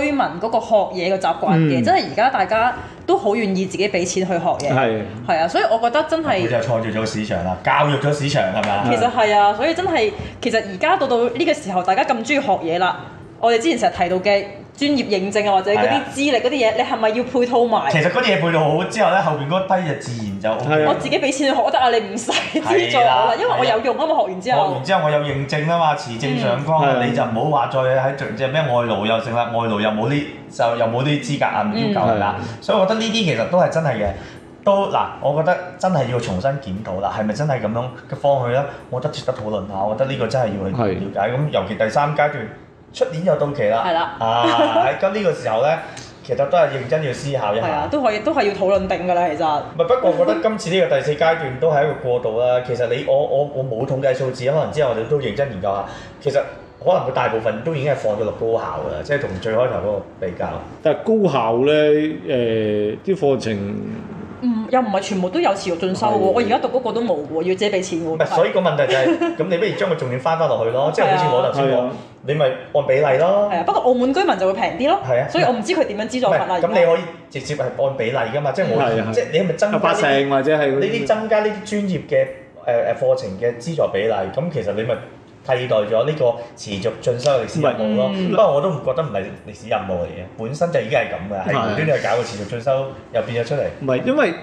居民嗰個學嘢嘅習慣嘅，嗯、真係而家大家都好願意自己俾錢去學嘢，係係是啊，所以我覺得真係佢就創造咗市場啦，教育咗市場係咪啊？其實係啊，所以真係其實而家到到呢個時候，大家咁鍾意學嘢啦，我哋之前成日提到嘅。專業認證啊，或者嗰啲資歷嗰啲嘢，你係咪要配套埋？其實嗰啲嘢配套好之後咧，後面嗰批就自然就。OK。我自己俾錢去學得啊，你唔使資助我啦，因為我有用啊嘛，學完之後。學完之後我有認證啊嘛，持證上崗，你就唔好話再喺著咩外勞又剩啦，外勞又冇啲就又冇啲資格啊要求係啦，所以我覺得呢啲其實都係真係嘅，都嗱，我覺得真係要重新檢討啦，係咪真係咁樣嘅方向咧？我覺得值得討論下，我覺得呢個真係要去了解，咁尤其第三階段。出年又到期啦，係啦是的、啊，咁呢個時候呢，其實都係認真要思考一下，都可以，都係要討論定㗎啦，其實。唔係，不過我覺得今次呢個第四階段都係一個過渡啦。 *laughs* 其實你我我我冇統計數字，可能之後我哋都認真研究下。其實可能佢大部分都已經係放咗落高校㗎，即係同最開頭嗰個比較。但係高校呢誒啲、呃、課程。又唔係全部都有持續進修嘅喎，我而家讀嗰個都冇喎，要借俾錢喎。唔係，所以個問題就係，咁你不如將個重點翻翻落去咯，即係好似我頭先講，你咪按比例咯。係啊，不過澳門居民就會平啲咯。係啊，所以我唔知佢點樣資助法啦。咁你可以直接係按比例㗎嘛，即係我，即係你係咪增加性？或者係呢啲增加呢啲專業嘅誒誒課程嘅資助比例，咁其實你咪，替代咗呢個持續進修嘅歷，歷、嗯、歷史任務咯，不過我都唔覺得唔係歷史任務嚟嘅，本身就已經係咁嘅，係無端端搞個持續進修又變咗出嚟。唔係，因為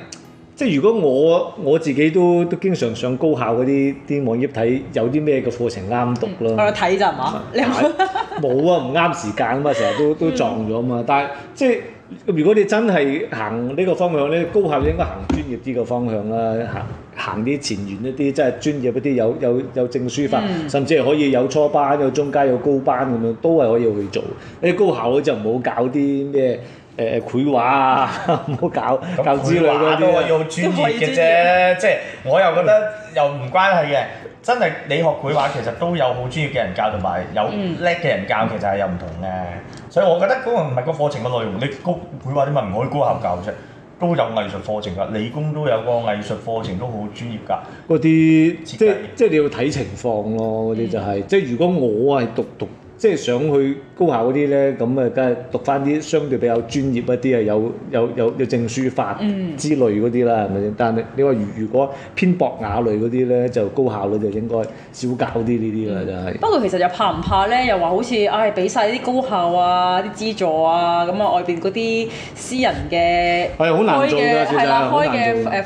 即係如果我我自己都都經常上高校嗰啲啲網頁睇有啲咩嘅課程啱讀咯、嗯。我睇咋嘛？你冇啊？唔啱時間啊嘛，成日都都撞咗啊嘛。但係即係如果你真係行呢個方向咧，高校應該行專業啲嘅方向啦，行。行啲前沿一啲，即係專業一啲，有有有證書法，嗯、甚至係可以有初班、有中階、有高班咁樣，都係可以去做。你高考就唔好搞啲咩誒繪畫啊，唔好搞教之類啲。嗯嗯、要專業嘅啫，即係、嗯、我又覺得又唔關係嘅。真係你學繪畫其實都有好專業嘅人教，同埋有叻嘅人教，其實係有唔同嘅。嗯、所以我覺得嗰個唔係個課程嘅內容，你高繪畫點解唔可以高考教啫？都有藝術課程㗎，理工都有個藝術課程都好專業㗎，嗰啲些即係你要睇情況咯，嗰啲就係、是嗯、即係如果我係讀讀。讀即係想去高校嗰啲咧，咁啊，梗係讀翻啲相對比較專業一啲啊，有有有有證書發之類嗰啲啦，係咪先？但係你話如果如果偏博雅類嗰啲咧，就高校咧就應該少教啲呢啲啦，就係。不過其實又怕唔怕咧？又話好似唉，俾晒啲高校啊啲資助啊，咁啊外邊嗰啲私人嘅係好難做㗎，係啦，開嘅誒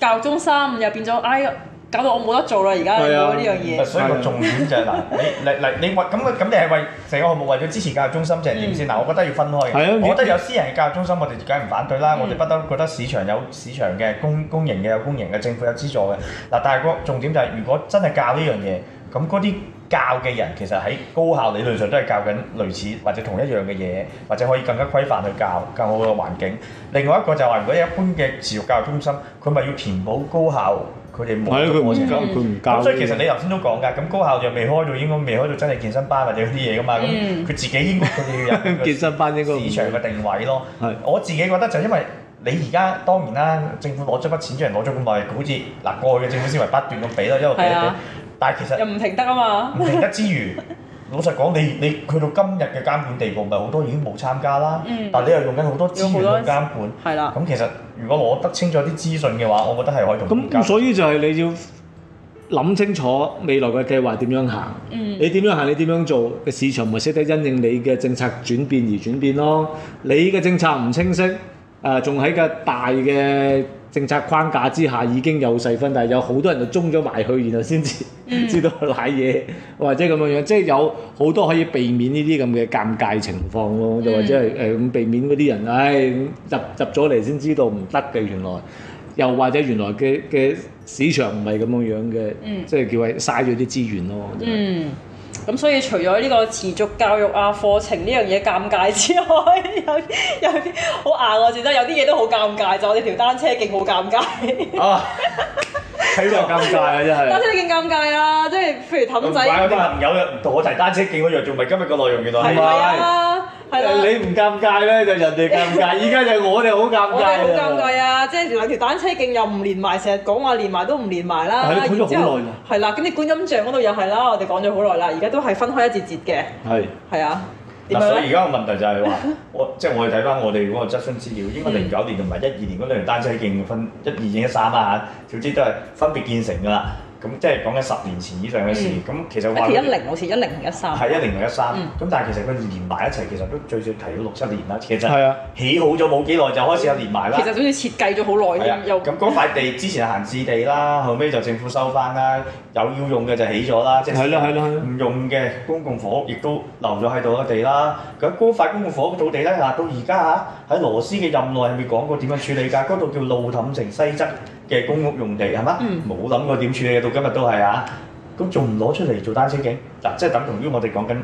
教育中心又變咗唉。搞到我冇得做啦！而家呢樣嘢，啊、所以個重點就係、是、嗱， *laughs* 你嚟嚟，你為咁咁，你係為成個項目為咗支持教育中心就，就係點先？嗱，我覺得要分開嘅。嗯、我覺得有私人嘅教育中心，我哋梗係唔反對啦。嗯、我哋不嬲覺得市場有市場嘅公公營嘅有公營嘅政府有資助嘅。嗱，但係個重點就係、是，如果真係教呢樣嘢，咁嗰啲教嘅人其實喺高校理論上都係教緊類似或者同一樣嘅嘢，或者可以更加規範去教，更好嘅環境。另外一個就係、是，如果一般嘅持續教育中心，佢咪要填補高校？佢哋冇，佢冇教，佢唔教。咁所以其實你頭先都講㗎，咁高校又未開到，應該未開到真係健身班或者嗰啲嘢噶嘛。咁佢、嗯、自己應該要有健身班呢個市場嘅定位咯。我自己覺得就因為你而家當然啦，政府攞咗筆錢，出嚟，攞咗咁耐，好似嗱過去嘅政府先為不，不斷咁俾咯，一路俾一俾係啊。但係其實又唔停得啊嘛。唔停得之餘。 *laughs* 老實講，你你去到今日嘅監管地步，唔係好多已經冇參加啦。嗯、但係你又用緊好多資源去監管，係啦的。咁其實如果我得清楚啲資訊嘅話，我覺得係可以同。咁所以就係你要諗清楚未來嘅計劃點樣行、嗯、行，你點樣行，你點樣做個市場咪識得因應你嘅政策轉變而轉變咯。你嘅政策唔清晰，誒仲喺個大嘅。政策框架之下已經有細分，但係有好多人就中咗埋去，然後先知知道乜嘢，嗯、或者咁樣樣，即係有好多可以避免呢啲咁嘅尷尬情況咯，就、嗯、或者係誒咁避免嗰啲人，唉、哎、入入咗嚟先知道唔得嘅原來，又或者原來嘅嘅市場唔係咁樣樣嘅，嗯、即係叫係嘥咗啲資源咯。嗯咁所以除咗呢個持續教育啊課程呢樣嘢尷尬之外，有有啲好硬我覺得有啲嘢都好尷尬，就我哋條單車徑好尷尬啊！睇落尷尬啊，真係單車徑尷尬啊，即係譬如氹仔，有日同我提單車徑嗰樣，仲唔係今日個內容原來係啊？係你唔尷尬咧，就人哋尷尬。依家就我哋好尷尬，我哋好尷尬啊！即係兩條單車徑又唔連埋，成日講話連埋都唔連埋啦。係啦，講咗好耐啦。係啦，咁啲觀音像嗰度又係啦，我哋講咗好耐啦，而家都。都係分開一節節嘅，係係啊，所以而家個問題就係、是、話， *laughs* 我即係、就是、我哋睇翻我哋嗰個質詢資料，應該零九年同埋一二年嗰兩單車徑分一二年一三啊，總之都係分別建成㗎啦。咁即係講緊十年前以上嘅事，咁、嗯、其實話一零好似一零同一三，係一零同一三。咁、嗯、但係其實佢連埋一齊，其實都最少提咗六七年啦。其實、啊、起好咗冇幾耐就開始有連埋啦。其實總之設計咗好耐咁又。嗰塊地之前係閒置地啦，後尾就政府收翻啦，有要用嘅就起咗啦， *laughs* 即係唔用嘅公共房屋亦都留咗喺度嘅地啦。咁嗰塊公共房屋嘅土地咧，嗱到而家嚇喺羅斯嘅任內係咪講過點樣處理㗎？嗰度叫路氹城西側。嘅公屋用地係嘛？冇諗、嗯、過點處理，到今日都係啊！咁仲唔攞出嚟做單車徑？嗱、啊，即係等同於我哋講緊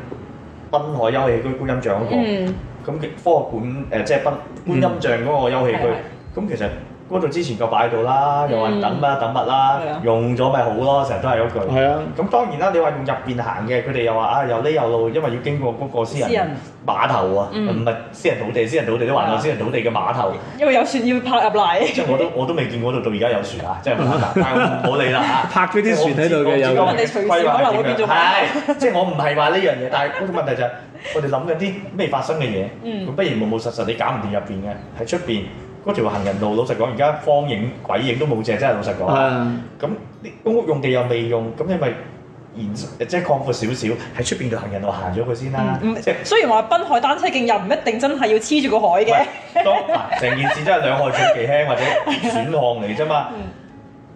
濱海休憩區觀音像嗰、那個，咁嘅、嗯、科學館誒、呃，即係濱觀音像嗰個休憩區，咁、嗯、其實。嗰度之前個擺度啦，又話等乜等物啦，用咗咪好咯，成日都係嗰句。係啊，咁當然啦，你話用入邊行嘅，佢哋又話啊又呢又路，因為要經過嗰個私人碼頭啊，唔係私人土地，私人土地都還有私人土地嘅碼頭。因為有船要泊入嚟。即係我都我都未見過度到而家有船啊，即係，但係我唔好理啦嚇。泊咗啲船喺度嘅，有規劃嘅，係，即係我唔係話呢樣嘢，但係個問題就係我哋諗緊啲未發生嘅嘢，咁不如冇冇實實你搞唔掂入邊嘅，喺出邊。嗰條行人路，老實講，而家荒影鬼影都冇剩，真係老實講。咁啲、嗯、公屋用地又未用，咁你咪延即係擴闊少少，喺出邊條行人路行咗佢先啦。嗯嗯、即雖然話濱海單車徑又唔一定真係要黐住個海嘅，成 *laughs* 件事真係兩害取其輕或者選項嚟啫嘛。 *laughs* 嗯廿年都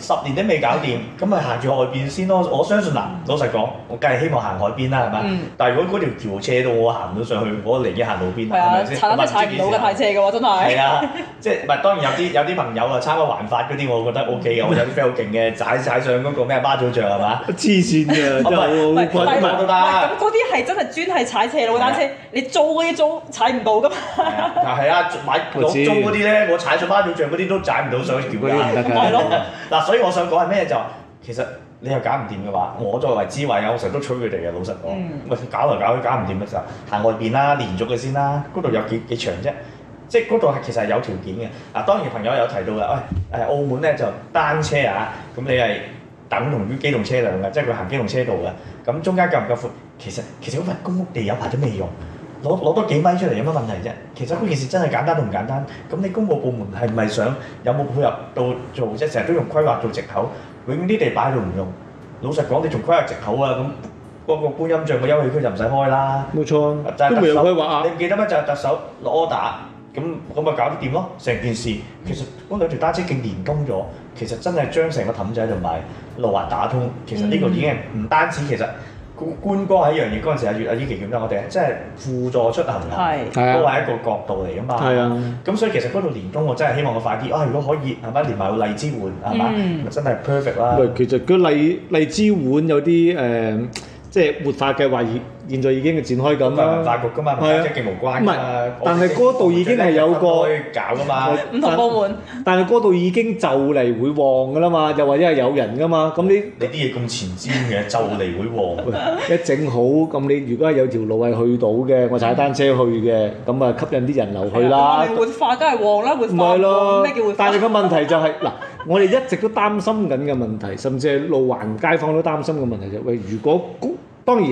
十年都未搞掂，咁咪行住外邊先咯！我相信嗱，老實講，我梗係希望行海邊啦，係咪？嗯、但係如果嗰條橋斜到我行唔到上去，我寧願行路邊。係啊，踩單車踩唔到架太斜嘅喎，真係。係啊，即係唔係？當然有啲有啲朋友啊，參加環法嗰啲，我覺得 O K 嘅。我有啲好勁嘅仔踩上嗰個咩媽祖像，係嘛？黐線嘅真係，乜都得、啊。咁嗰啲係真係專係踩斜路單車，啊、你租嗰啲租踩唔到㗎嘛？係 *laughs* 啊，買租嗰啲咧，我踩上媽祖像嗰啲都踩唔到上條橋。係咯，嗱， *laughs* 所以我想講係咩就係，其實你又搞唔掂嘅話，我作為諮委啊，我成日都催佢哋嘅，老實講，搞嚟搞去搞唔掂嘅時候，行外邊啦，連續嘅先啦，嗰度有幾幾長啫，即係嗰度係其實係有條件嘅，嗱，當然朋友有提到嘅，喂，誒澳門咧就單車啊，咁你係等同於機動車輛嘅，即係佢行機動車道嘅，咁中間夠唔夠闊？其實其實嗰塊公屋地有排都未用。攞攞多幾米出嚟有乜問題啫？其實嗰件事真係簡單都唔簡單。咁你公務部門係咪想有冇配合到做啫？成日都用規劃做藉口，永遠啲地擺喺度唔用。老實講，你仲規劃藉口啊咁，嗰個觀音像嘅休憩區就唔使開啦。冇錯，特首都未有規劃啊！你唔記得咩？就係、是、特首攞 order，咁咁咪搞啲掂咯。成件事其實嗰兩條單車徑連通咗，其實真係將成個氹仔同埋路環打通。其實呢個已經唔單止其實。嗯觀光係一樣嘢，嗰陣時月阿月阿依其講得，我哋係即係輔助出行，啊、都係一個角度嚟噶嘛。咁、啊、所以其實嗰度連通，我真係希望佢快啲啊！如果可以係咪連埋個荔枝碗係咪、嗯、真係 perfect 啦。其實個荔荔枝碗有啲誒、呃，即係活化嘅話語。現在已經係展開緊，文化局㗎嘛，同發展極無關啊。唔係，但係嗰度已經係有個搞㗎嘛，唔同部門。但係嗰度已經就嚟會旺㗎啦嘛，又或者係有人㗎嘛。咁你呢啲嘢咁前瞻嘅，就嚟會旺嘅，一整好咁你如果係有條路係去到嘅，我踩單車去嘅，咁啊吸引啲人流去啦。文化梗係旺啦，文化。唔係咯，咩叫文化？但係個問題就係嗱，我哋一直都擔心緊嘅問題，甚至係路環街坊都擔心嘅問題就係喂，如果當然。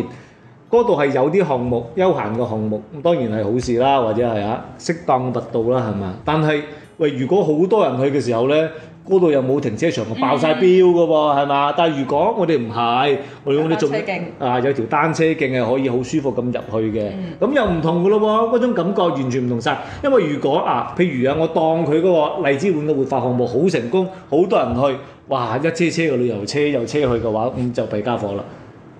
嗰度係有啲項目，休閒嘅項目當然係好事啦，或者係啊適當密度啦，係嘛？但係喂，如果好多人去嘅時候咧，嗰度又冇停車場，爆晒標嘅喎，係嘛？但係如果我哋唔係，嗯、我哋我哋做、啊、有條單車徑係可以好舒服咁入去嘅，咁、嗯、又唔同嘅咯喎，嗰種感覺完全唔同晒。因為如果啊，譬如啊，我當佢嗰個荔枝碗嘅活化項目好成功，好多人去，哇一車車嘅旅遊車有車，車，車去嘅話，咁、嗯、就弊家伙啦。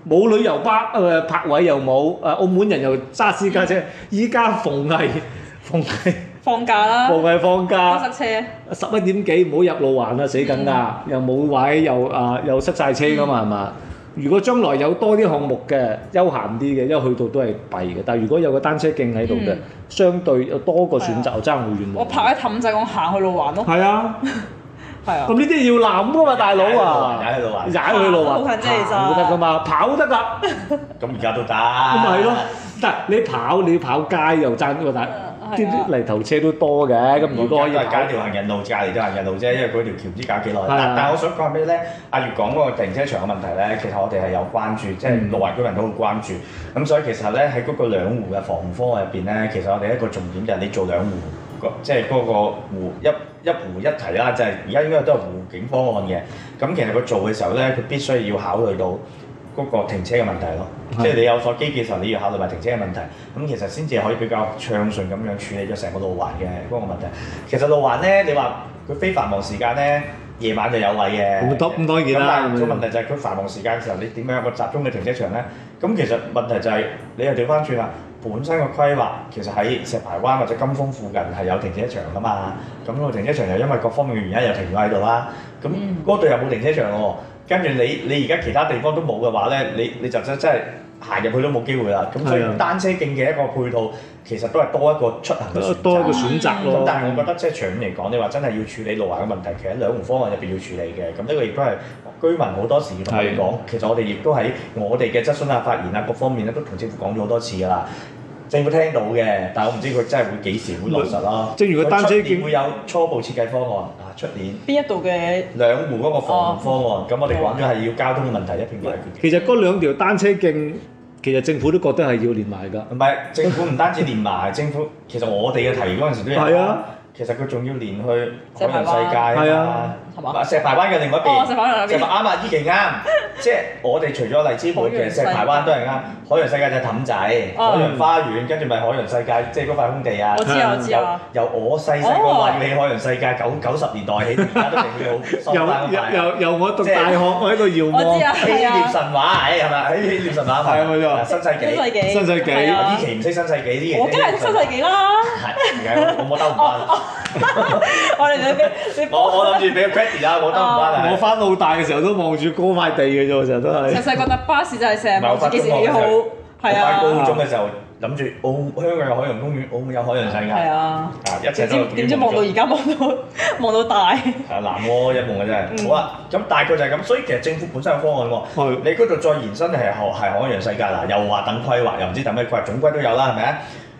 冇旅遊巴，誒泊位又冇，誒澳門人又揸私家車。依家逢例，逢例放假啦，逢例放假塞車。十一點幾唔好入路環啦，死梗噶，又冇位，又啊又塞晒車噶嘛，係嘛？如果將來有多啲項目嘅，休閒啲嘅，因為去到都係弊嘅。但係如果有個單車徑喺度嘅，相對有多個選擇，我爭好遠。我泊喺氹仔，我行去路環咯。係啊。係啊，咁呢啲要諗噶嘛，大佬啊，踩去路啊，踩佢路啊，好近啫，其實跑得噶嘛，跑得㗎。咁而家都得。咪係咯，得你要跑，你要跑街又爭啲乜嘢？啲泥、啊啊、頭車都多嘅。咁而家以為搞條行人路，隔離都行人路啫，因為嗰條橋唔知搞幾耐。 *laughs* 但係我想講咩咧？阿月講嗰個停車場嘅問題咧，其實我哋係有關注，即係路環居民都好關注。咁、嗯、所以其實咧喺嗰個兩湖嘅防科入邊咧，其實我哋一個重點就係你做兩湖。即係嗰個湖一一湖一堤啦，就係而家應該都係湖景方案嘅。咁其實佢做嘅時候咧，佢必須要考慮到嗰個停車嘅問題咯。即係是的 你有座機嘅時候，你要考慮埋停車嘅問題。咁其實先至可以比較暢順咁樣處理咗成個路環嘅嗰個問題。其實路環咧，你話佢非繁忙時間咧，夜晚就有位嘅，冇得咁多嘢啦、啊。咁但係問題就係佢繁忙時間嘅時候，你點樣有個集中嘅停車場咧？咁其實問題就係、是、你又調翻轉啦。本身嘅規劃其實喺石排灣或者金峰附近係有停車場噶嘛，咁個停車場又因為各方面嘅原因又停咗喺度啦。咁嗰度又冇停車場喎，跟住你你而家其他地方都冇嘅話咧，你你就真真係行入去都冇機會啦。咁所以單車徑嘅一個配套其實都係多一個出行嘅多、嗯、多一個選擇咯、嗯。但係我覺得即係長遠嚟講，你話真係要處理路環嘅問題，其實兩種方案入邊要處理嘅。咁呢個亦都係。居民好多時同我哋講，其實我哋亦都喺我哋嘅質詢啊、發言啊各方面咧，都同政府講咗好多次噶啦。政府聽到嘅，但係我唔知佢真係會幾時會落實啦。正如果單車徑會有初步設計方案啊，出年邊一度嘅兩湖嗰個防護方案，咁、哦、我哋講咗係要交通嘅問題一並解決。哦、其實嗰兩條單車徑，其實政府都覺得係要連埋㗎。唔係政府唔單止連埋， *laughs* 政府其實我哋嘅提議嗰陣時都係，啊、其實佢仲要連去海洋世界啊。石排灣嘅另外一邊，石排灣啱啊，依期啱，即係我哋除咗荔枝灣，其實石排灣都係啱，海洋世界就氹仔，海洋花園，跟住咪海洋世界，即係嗰塊空地啊，由由我細細個話你海洋世界，九九十年代起，而家都仲要收翻嗰塊。由由由我讀大學，我喺度遙望，希臘神話係咪？喺希臘神話。係啊，新世紀，新世紀，依期唔識新世紀啲嘢。我梗係新世紀啦。係，而家我冇得換。 *laughs* *laughs* 我哋咗你，我我諗住俾個 credit 啊，我都唔翻嚟。我翻澳大嘅時候都望住高賣地嘅啫，我成日都係。細細個搭巴士就係成日唔知幾時會好。係啊，翻高中嘅時候諗住澳香港有海洋公園，澳、哦、門有海洋世界。係啊，啊，一直都點知望到而家望到望到大。係南柯一夢嘅真係。好啊，咁大概就係咁。所以其實政府本身有方案喎，是你嗰度再延伸係海係海洋世界嗱，又話等規劃，又唔知等咩規劃，總規都有啦，係咪啊？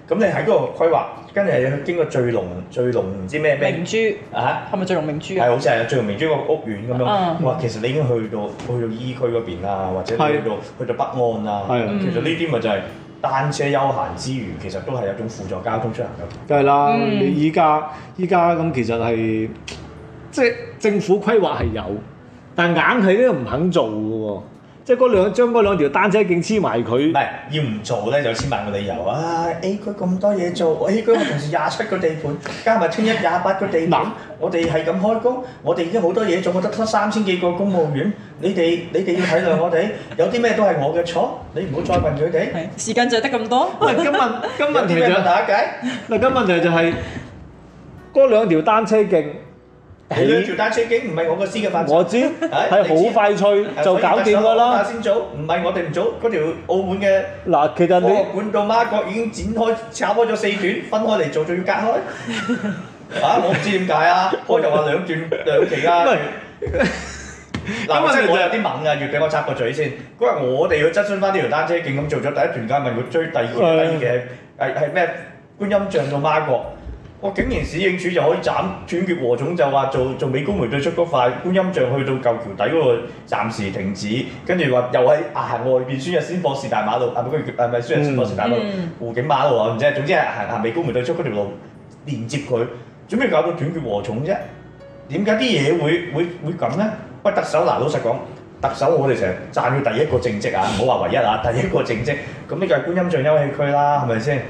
咁你喺嗰個規劃，跟住經過聚龍、聚龍唔知咩咩？明珠嚇，係咪聚龍明珠啊？係，好似係聚龍明珠個屋苑咁樣。哇、嗯，其實你已經去到去到 E 區嗰邊啦，或者去到是去到北岸啦。是嗯、其實呢啲咪就係單車休閒之餘，其實都係一種輔助交通出行嘅。梗係啦，你依家依家咁其實係即係政府規劃係有，但硬係呢個唔肯做嘅喎。即係嗰兩將嗰兩條單車徑黐埋佢，唔係要唔做咧，有千萬個理由啊！A 區咁多嘢做，A 區我平時廿七個地盤，加埋清一廿八個地盤，我哋係咁開工，我哋已經好多嘢做，我得得三千幾個公務員，你哋你哋要體諒我哋，有啲咩都係我嘅錯，你唔好再問佢哋。時間就係得咁多。喂，今日今日問題就打緊。喂，今日問題就係嗰兩條單車徑。呢條單車徑唔係我個師嘅範疇，我知係好快脆就搞掂㗎啦。先組唔係我哋唔組，嗰條澳門嘅嗱其實嗰個管道孖角已經剪開拆開咗四段，分開嚟做仲要隔開啊！我唔知點解啊，開頭話兩段兩期啊。嗱，即係我有啲猛㗎，要俾我插個嘴先。嗰日我哋要質詢翻呢條單車徑，咁做咗第一段，佢問我追第二段第二嘅係係咩？觀音像到孖角。我竟然市政署就可以斬斷決和蟲，就話做做美高梅對出嗰塊觀音像去到舊橋底嗰個暫時停止，跟住話又係行外邊孫逸仙博士大馬路，阿美係咪孫逸仙博士大馬路、湖景、嗯、馬路啊？唔知、嗯，總之係行行美高梅對出嗰條路連接佢，做咩搞到斷決和蟲啫？點解啲嘢會會會咁咧？喂，特首嗱，老實講，特首我哋成日讚佢第一個政績啊，唔好話唯一啊， *laughs* 第一個政績，咁呢個係觀音像休憩區啦，係咪先？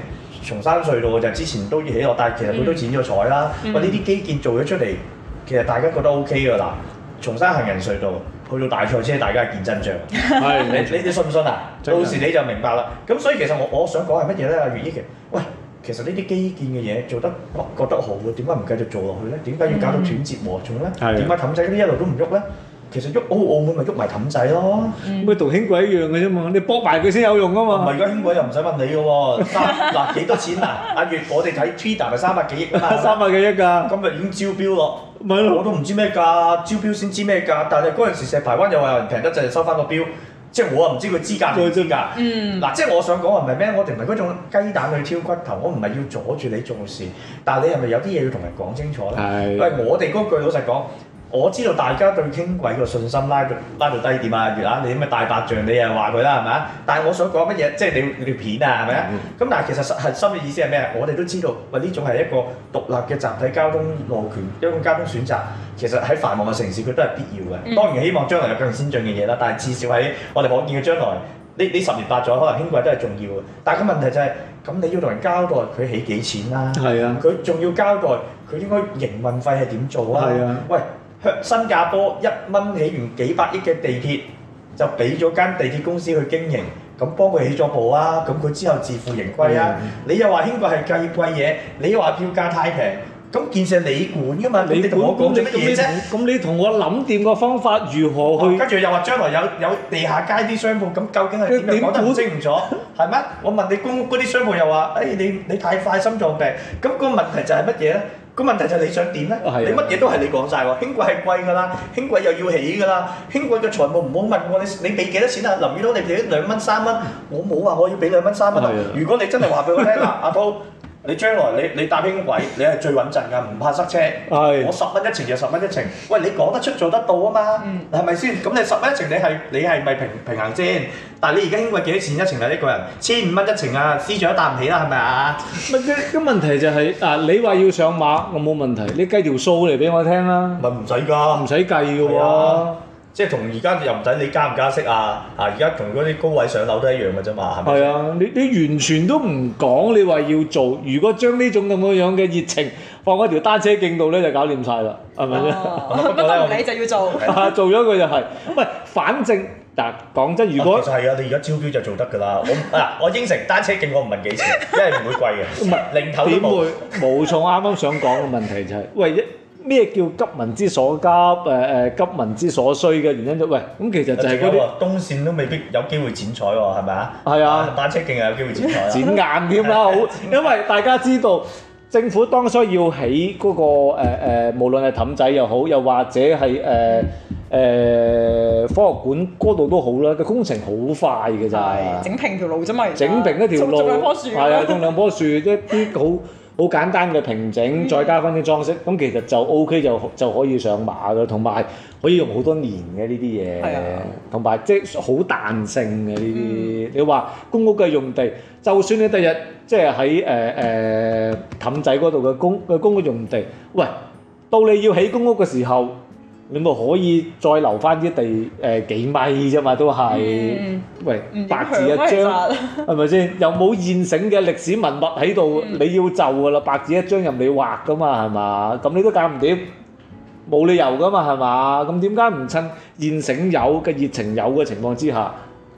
松山隧道就之前都要起落，但係其實佢都剪咗彩啦。喂、嗯，呢啲基建做咗出嚟，其實大家覺得 O K 㗎啦。松山行人隧道去到大賽車，大家見真章。係 *laughs* 你你你信唔信啊？ *laughs* 到時你就明白啦。咁 *laughs* 所以其實我我想講係乜嘢咧？阿月依奇，喂，其實呢啲基建嘅嘢做得覺得好嘅，點解唔繼續做落去咧？點解要搞到斷節禾蟲咧？點解氹仔呢一路都唔喐咧？其實喐澳澳門咪喐埋氹仔咯，咁咪同輕軌一樣嘅啫嘛，你搏埋佢先有用啊嘛。唔係而家輕軌又唔使問你嘅喎，嗱幾、 *laughs* 啊、多錢嗱、啊？阿、啊、月，我哋睇 Twitter 咪三百幾，幾億啊，三百幾億啊。今日已經招標咯了、啊，我都唔知咩價，招標先知咩價。但係嗰陣時石排灣又話有人平得滯，收翻個標，即、就、係、是、我又唔知佢資格。資格。嗯。嗱、啊，即、就、係、是、我想講話唔係咩，我哋唔係嗰種雞蛋去挑骨頭，我唔係要阻住你做事，但係你係咪有啲嘢要同人講清楚咧？係是。喂，我哋嗰句老實講。我知道大家對輕軌個信心拉到拉到低點啊！如啊，你啲咩大白象，你又話佢啦，係咪啊？但係我想講乜嘢？即係你你條片啊，係咪啊？咁但係其實實核心嘅意思係咩啊？我哋都知道喂，呢種係一個獨立嘅集體交通路權，一種交通選擇。其實喺繁忙嘅城市，佢都係必要嘅。當然希望將來有更先進嘅嘢啦，但係至少喺我哋可見嘅將來呢呢十年八載，可能輕軌都係重要嘅。但係個問題就係咁，你要同人交代佢起幾錢啦？係啊，佢仲要交代佢應該營運費係點做啊？係啊，喂！新加坡一蚊起完幾百億嘅地鐵，就俾咗間地鐵公司去經營，咁幫佢起咗步啊，咁佢之後自負盈虧啊、嗯你。你又話興貴係計貴嘢，你又話票價太平，咁建設你管噶嘛？你哋管同我講乜嘢啫，咁你同我諗掂個方法如何去？跟住、嗯、又話將來有有地下街啲商鋪，咁究竟係點樣講得好清楚？係咩？我問你公屋嗰啲商鋪又話，哎，你你，你，你太快心臟病，咁個問題就係乜嘢咧？個問題就係你想點呢？哦、你乜嘢都係你講曬喎，輕軌係貴㗎喇，輕軌又要起㗎喇，輕軌嘅財務唔好問我，你你俾幾多少錢啊？林宇滔，你俾兩蚊三蚊，我冇話我要俾兩蚊三蚊。如果你真係話俾我聽嗱，阿滔、 *laughs* 啊。你將來你你搭輕軌，你係最穩陣㗎，唔怕塞車。係，我十蚊一程就十蚊一程。喂，你講得出做得到啊嘛？嗯，係咪先？咁你十蚊一程你係，你係你係咪平平衡先？嗯、但你而家輕軌幾多錢一程啊？一個人千五蚊一程啊？司長都搭唔起啦，係咪啊？唔係嘅問題就係、係、你話要上馬，我冇問題。你計條數嚟俾我聽啦。唔係唔使㗎，唔使計喎。即係同而家又唔使你加唔加息啊！啊，而家同嗰啲高位上樓都一樣嘅啫嘛，係咪先？係啊，你你完全都唔講，你話要做，如果將呢種咁嘅樣嘅熱情放喺條單車徑度咧，就搞掂晒啦，係咪先？乜、啊、 *laughs* 都唔理 *laughs* 我就要做， *laughs* 啊、做咗佢就係。喂，反正嗱講真，如果其實係啊，你而家招標就做得㗎啦。我嗱我應承單車徑，我唔問幾錢，因為唔會貴嘅。唔係零頭點會冇錯。啱啱想講嘅問題就係，喂一。咩叫急民之所急？誒誒急民之所需嘅原因就喂，咁其實就係嗰啲東線都未必有機會剪彩喎，係咪啊？係啊，單車徑又有機會剪彩，剪硬添啦！好， *laughs* 因為大家知道政府當初要起嗰、嗰個誒誒、呃，無論係氹仔又好，又或者係誒誒科學館嗰度都好啦，個工程好快嘅咋，整平條路啫嘛，整平一條路，種兩,兩棵樹，一啲好。好簡單嘅平整，嗯、再加翻啲裝飾，咁其實就 OK，就，就可以上馬嘅，同埋可以用好多年嘅呢啲嘢，同埋、嗯、即係好彈性嘅呢啲。你話公屋嘅用地，就算你第日即係喺氹仔嗰度嘅公嘅公屋用地，喂，到你要起公屋嘅時候。你咪可以再留翻啲地誒幾米啫嘛，都係，喂白紙一張，係咪先？又冇現成嘅歷史文物喺度，你要就㗎啦，白紙一張任你畫㗎嘛，係嘛？咁你都搞唔掂，冇理由㗎嘛，係嘛？咁點解唔趁現成有嘅熱情有嘅情況之下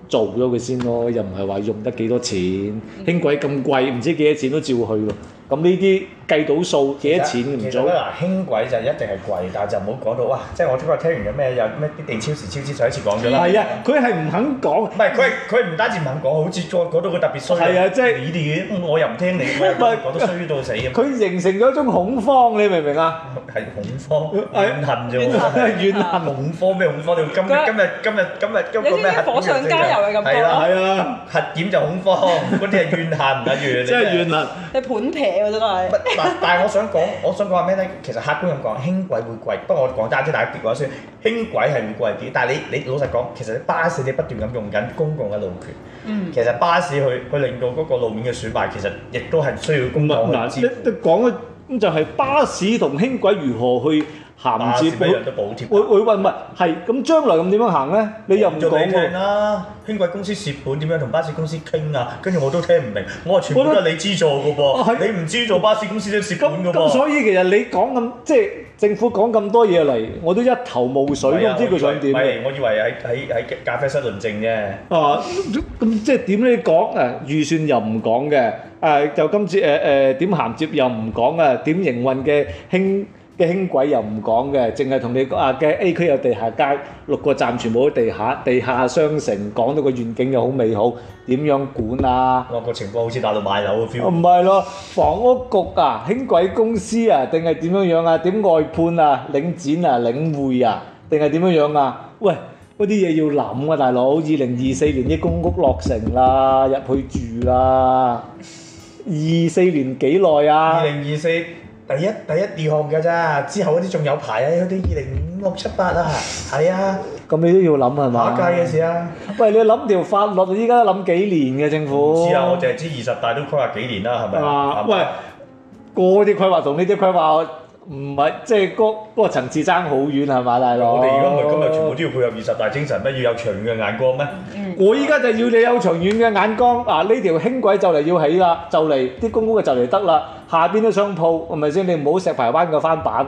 做咗佢先咯？又唔係話用得幾多錢，輕軌咁貴，唔知幾多錢都照去咯。咁呢啲。計到數幾多錢唔做？嗱，輕軌就一定係貴，但係就唔好講到哇！即係我今日聽完嘅咩有咩地超時超支，上一次講咗啦。係啊，佢係唔肯講。唔係佢，佢唔單止唔肯講，好似再講到佢特別衰。係啊，即係你哋，我又唔聽你。唔係講到衰到死。佢形成咗一種恐慌，你明唔明啊？係恐慌，怨恨啫。怨恨，怨恨。恐慌咩恐慌？你今今日今日今日今日有啲咩火上加油嘅感覺？係啊係啊，核檢就恐慌，嗰啲係怨恨啊怨。即係怨恨。你盤撇喎，真係。 *laughs* 但係我想講，我想講話咩咧？其實客觀咁講，輕軌會貴。不過我講，但係即係大家別講先。輕軌係會貴啲，但係你你老實講，其實巴士你不斷咁用緊公共嘅路權，嗯、其實巴士去去令到嗰個路面嘅損壞，其實亦都係需要公辦、嗯。你你講嘅咁就係、是、巴士同輕軌如何去？嗯銜接畀人嘅補貼，會會喂唔係係咁將來咁點樣行咧？你又唔講啊？輕軌公司蝕本點樣同巴士公司傾啊？跟住我都聽唔明，我話全部都係你資助噶噃，你唔資助巴士公司都蝕本噶噃。咁所以其實你講咁即係政府講咁多嘢嚟，我都一頭霧水，都唔知佢想點嘅。我以為喺喺喺咖啡室論證啫。啊，咁即係點你講啊？預算又唔講嘅，誒就今次誒誒點銜接又唔講啊？點營運嘅輕嘅輕軌又唔講嘅，淨係同你講啊嘅 A 區有地下街，六個站全部喺地下，地下商城講到個願景又好美好，點樣管啊？個情況好似打到買樓嘅 feel。唔係咯，房屋局啊，輕軌公司啊，定係點樣樣啊？點外判啊？領展啊？領匯啊？定係點樣樣啊？喂，嗰啲嘢要諗啊，大佬，二零二四年啲公屋落成啦，入去住啦。二四年幾耐啊？二零二四。第一第一二項嘅咋，之後嗰啲仲有排 *laughs* 啊，嗰啲二零五六七八啊，係啊。咁你都要諗啊，係嘛？下屆嘅事啊。喂，係你諗條法，法律，而家諗幾年嘅政府？知啊，我淨係知二十大都吧規劃幾年啦，係咪？係啊。喂，嗰啲規劃同呢啲規劃。唔係，即係、嗰個嗰個層次爭好遠係嘛，大佬？我哋如果係今日全部都要配合二十大精神嗎，不要有長遠嘅眼光咩？嗯、我依家就要你有長遠嘅眼光啊！呢條輕軌就嚟要起啦，就嚟啲公屋就嚟得啦，下邊都商鋪係咪先？你唔好石排灣嘅翻版，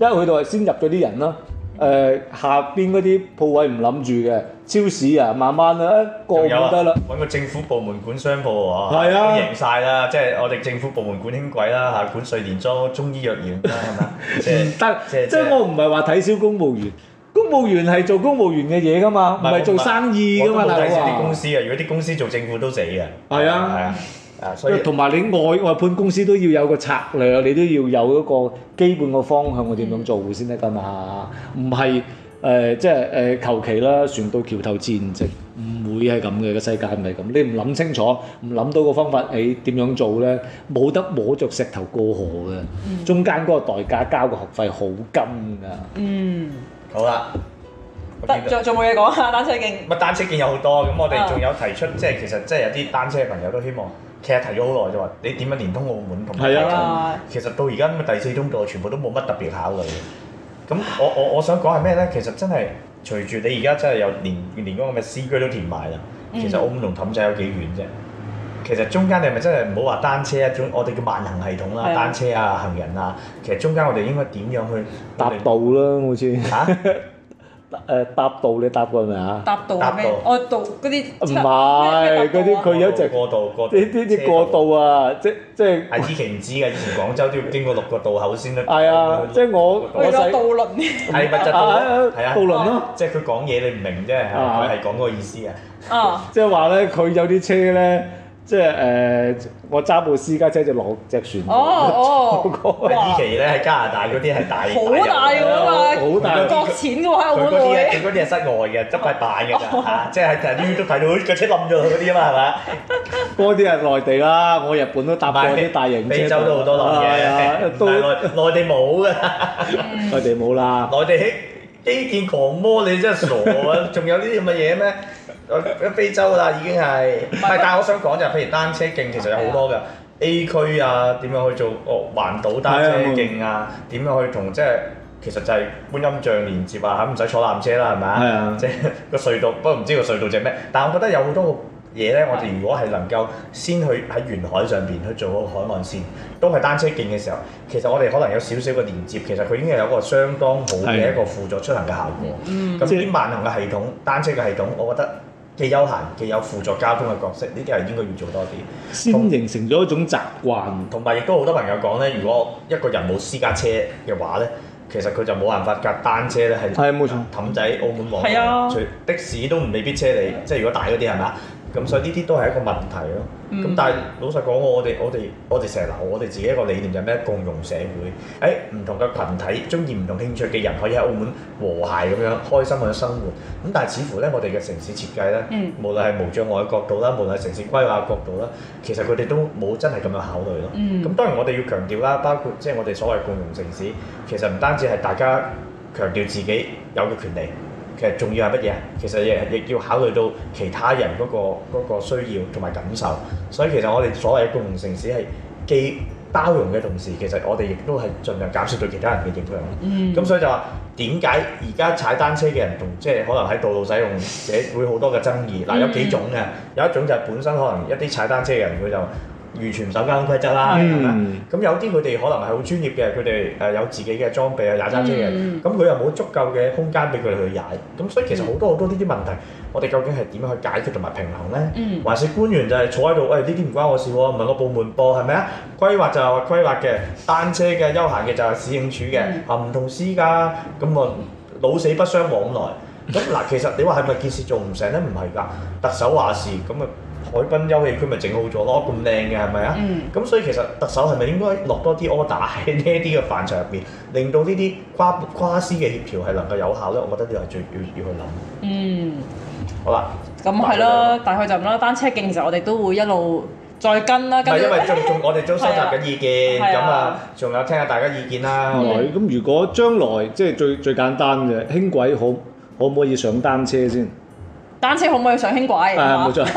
因為佢度係先入咗啲人啦、呃。下邊嗰啲鋪位唔諗住嘅。超市啊，慢慢啊，過半得啦。揾個政府部門管商鋪喎，係啊，贏曬啦！即係我哋政府部門管輕軌啦，嚇管歲年莊中醫藥院啦，係嘛？唔得，即係我唔係話睇小公務員，公務員係做公務員嘅嘢㗎嘛，唔係做生意㗎嘛嗱。我睇啲公司啊，如果啲公司做政府都死嘅，係啊，係啊，所以同埋你外外判公司都要有個策略啊，你都要有嗰個基本嘅方向，我點樣做先得㗎嘛？唔係。誒即係誒求其啦，船到橋頭自然直，唔會係咁嘅個世界係咪咁？你唔諗清楚，唔諗到個方法，你點樣做咧？冇得摸著石頭過河嘅，中間嗰個代價交個學費好金㗎。嗯，好啦，得仲仲冇嘢講啊！單車徑咪單車徑有好多，咁我哋仲有提出，即係其實即係有啲單車朋友都希望，其實提咗好耐就話，你點樣連通澳門同？係啊，其實到而家咁啊，第四宗座全部都冇乜特別考慮。咁我我我想講係咩咧？其實真係隨住你而家真係有連連嗰個咩 C 區都填埋啦。其實澳門同氹仔有幾遠啫？其實中間你係咪真係唔好話單車一種，我哋叫慢行系統啦，單車啊、行人啊，其實中間我哋應該點樣去搭步啦？好似嚇。 *laughs* 誒搭道你搭過未啊？搭道搭咩？我道，嗰啲唔係嗰啲佢有一隻過道，過。呢啲啲過道啊，即即係。以前唔知嘅，以前廣州都要經過六個渡口先得。係啊，即係我。我有道輪？係咪就道啊，道輪咯。即係佢講嘢你唔明啫，佢係講嗰個意思啊。啊！即係話咧，佢有啲車咧。即係誒，我揸部私家車就落隻船。哦哦，依期咧喺加拿大嗰啲係大好大㗎嘛，好大國產㗎嘛。佢嗰啲啊，佢嗰啲係室外嘅，執塊板㗎咋嚇，即係啲都睇到架車冧咗嗰啲啊嘛係咪？嗰啲係內地啦，我日本都搭埋啲大型車，非洲都好多內地，但係內地冇㗎，內地冇啦。內地。基建狂魔，你真係傻啊！仲有呢啲咁嘅嘢咩？誒， *laughs* 非洲啦已經係，但係我想講就係，譬如單車徑其實有好多嘅 A 區啊，點樣去做、哦、環島單車徑啊？點樣去同即係其實就係觀音像連接啊，唔使坐纜車啦，係咪？即係個隧道，不過唔知個隧道隻咩？但我覺得有好多個。嘢咧，我哋如果係能夠先去喺沿海上邊去做好海岸線，都係單車徑嘅時候，其實我哋可能有少少嘅連接，其實佢已經係有一個相當好嘅一個輔助出行嘅效果。咁啲萬能嘅系統、單車嘅系統，我覺得既休閒，既有輔助交通嘅角色，呢啲係應該要做多啲。先形成咗一種習慣，同埋亦都好多朋友講咧，如果一個人冇私家車嘅話咧，其實佢就冇辦法架單車咧，係，係冇錯，氹仔、澳門、除，的士都未必車你，即係如果大嗰啲係咪？咁、嗯、所以呢啲都係一個問題咯。咁但係老實講，我哋我哋我哋成日嗱，我哋自己一個理念就係咩？共融社會。誒、欸，唔同嘅群體中意唔同興趣嘅人可以喺澳門和諧咁樣開心咁樣生活。咁但係似乎咧，我哋嘅城市設計咧，無論係無障礙嘅角度啦，嗯、無論係城市規劃嘅角度啦，其實佢哋都冇真係咁樣考慮咯。咁、嗯、當然我哋要強調啦，包括即係我哋所謂共融城市，其實唔單止係大家強調自己有嘅權利。重要係乜嘢？其實亦要考慮到其他人嗰、嗰個嗰個需要同埋感受。所以其實我哋所謂共同城市係既包容嘅同時，其實我哋亦都係盡量減少對其他人嘅影響嘅。咁、嗯、所以就話點解而家踩單車嘅人同即係可能喺道路使用會好多嘅爭議？嗱、呃、有幾種嘅，有一種就係本身可能一啲踩單車嘅人佢就。完全唔守交通規則啦，係咪？咁有啲佢哋可能係好專業嘅，佢哋誒有自己嘅裝備啊，踩單車嘅，咁佢又冇足夠嘅空間俾佢哋去踩，咁所以其實好多好多呢啲問題，我哋究竟係點樣去解決同埋平衡咧？還是官員就係坐喺度，喂呢啲唔關我事喎，唔係個部門噃，係咪啊？規劃就係話規劃嘅，單車嘅、休閒嘅就係市政署嘅，嚇唔同私家，咁啊老死不相往來。咁嗱，其實你話係咪件事做唔成咧？唔係㗎，特首話事咁啊。海濱優景區咪整好咗咯，咁靚嘅係咪啊？咁、嗯、所以其實特首係咪應該落多啲 order 喺呢啲嘅範疇入邊，令到呢啲跨跨司嘅協調係能夠有效咧？我覺得呢個係最要要去諗。嗯，好啦，咁係咯，大概就咁啦。單車徑其實我哋都會一路再跟啦。唔係因為仲仲我哋仲收集緊意見，咁 *laughs* 對啊，啊，仲有聽下大家意見啦。咁如果將來即係最最簡單嘅輕軌可可唔可以上單車先？單車可唔可以上輕軌啊？誒，冇錯，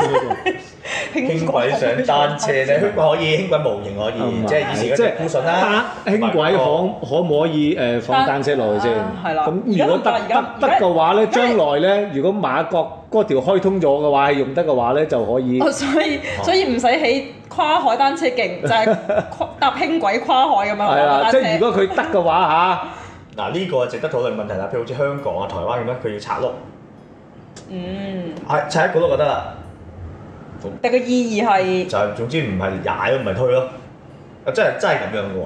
輕軌上單車咧，輕軌可以，輕軌模型可以，即係以前嗰啲公信啦。輕軌可可唔可以誒放單車落去先？係啦。咁如果得得得嘅話咧，將來咧，如果馬國嗰條開通咗嘅話，用得嘅話咧，就可以。所以所以唔使起跨海單車徑，就係搭輕軌跨海咁樣。係啦，即係如果佢得嘅話嚇，嗱呢個係值得討論問題啦。譬如好似香港啊、台灣咁樣，佢要拆屋。嗯，係，砌一個都覺得啦。嗯、好但個意義係就係總之唔係踩唔係推咯，啊真真係咁樣嘅喎。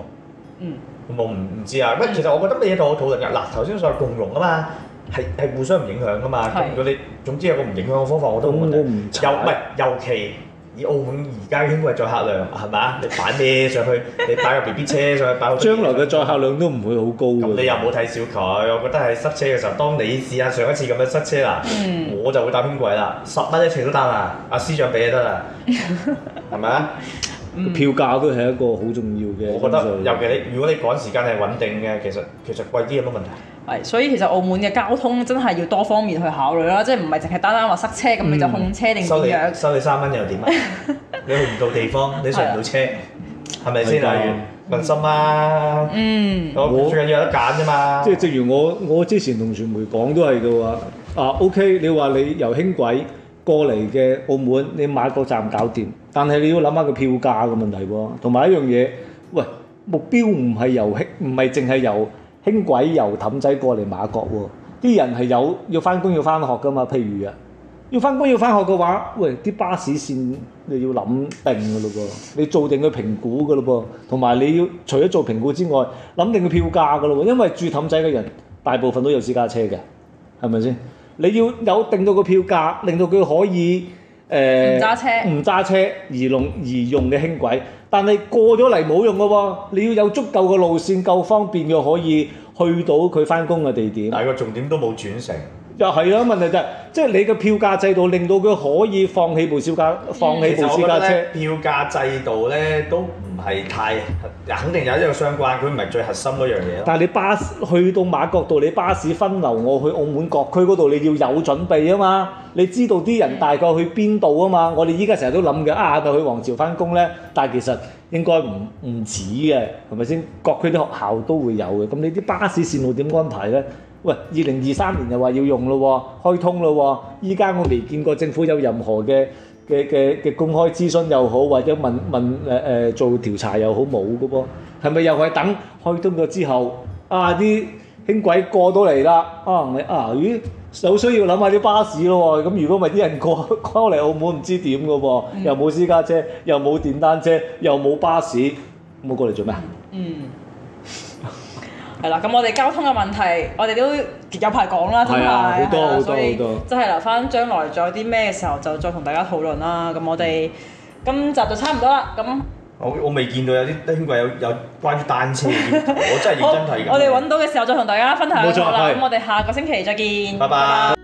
嗯，我唔唔知啊。喂、嗯，其實我覺得乜嘢同我討論嘅嗱，頭先所謂共融啊嘛，係係互相唔影響啊嘛。如果是你總之有個唔影響嘅方法，我都、嗯、我都唔踩。唔係尤其。以澳門而家輕軌載客量係咪？你擺咩上去？你擺個 B B 車上去，上去，擺好。將來嘅載客量都唔會好高。咁你又冇睇少佢，我覺得係塞車嘅時候，當你試下上一次咁樣塞車啦，嗯、我就會搭輕軌啦，十蚊一程都得啦，阿司長俾就得啦，係咪啊？票價都係一個好重要嘅。我覺得尤其你，如果你趕時間係穩定嘅，其實其實貴啲有乜問題？所以其實澳門嘅交通真係要多方面去考慮啦，即係唔係淨係單單話塞車咁你就控車定點樣？收你收你三蚊又點啊？你去唔到地方，你上唔到車，係咪先啊？民心啊，嗯，我最緊要有得揀啫嘛。即係正如我我之前同傳媒講都係嘅喎。啊，OK，你話你由輕軌過嚟嘅澳門，你買個站搞掂。但係你要諗下個票價嘅問題喎，同埋一樣嘢。喂，目標唔係遊輕，唔係淨係遊。輕軌由氹仔過嚟媽閣喎，啲人係有要翻工要翻學噶嘛？譬如啊，要翻工要翻學嘅話，喂，啲巴士線你要諗定噶咯噃，你做定佢評估噶咯噃，同埋你要除咗做評估之外，諗定佢票價噶咯，因為住氹仔嘅人大部分都有私家車嘅，係咪先？你要有定到個票價，令到佢可以。誒唔揸車，唔揸車而用而用嘅輕軌，但係過咗嚟冇用嘅喎，你要有足夠嘅路線夠方便嘅可以去到佢返工嘅地點。但係個重點都冇轉成。就係咯，問題就係、是，即係你嘅票價制度令到佢可以放棄部私家，嗯、放棄部私家車。票價制度咧都唔係太，肯定有一個相關，佢唔係最核心嗰樣嘢。但係你巴士去到媽閣度，你巴士分流我去澳門各區嗰度，你要有準備啊嘛，你知道啲人大概去邊度啊嘛？我哋依家成日都諗嘅，啊咪去皇朝翻工咧，但係其實應該唔唔止嘅，係咪先？各區啲學校都會有嘅，咁你啲巴士線路點安排咧？喂，二零二三年又話要用咯，開通咯，依家我未見過政府有任何嘅嘅嘅嘅公開諮詢又好，或者問問誒誒、呃、做調查好是是又好冇嘅噃，係咪又係等開通咗之後，啊啲輕軌過到嚟啦，啊你啊咦，好需要諗下啲巴士咯喎，咁、啊、如果唔係啲人過過嚟澳門唔知點嘅喎，又冇私家車，又冇電單車，又冇巴士，冇過嚟做咩啊？嗯。係啦，咁我哋交通嘅問題，我哋都有排講啦，真係，所以真係留翻將來仲有啲咩嘅時候，就再同大家討論啦。咁我哋今集就差唔多啦。咁我我未見到有啲兄鬼有有關於單車，我真係認真睇緊。我哋揾到嘅時候再同大家分享啦。冇錯啦，咁我哋下個星期再見。拜拜。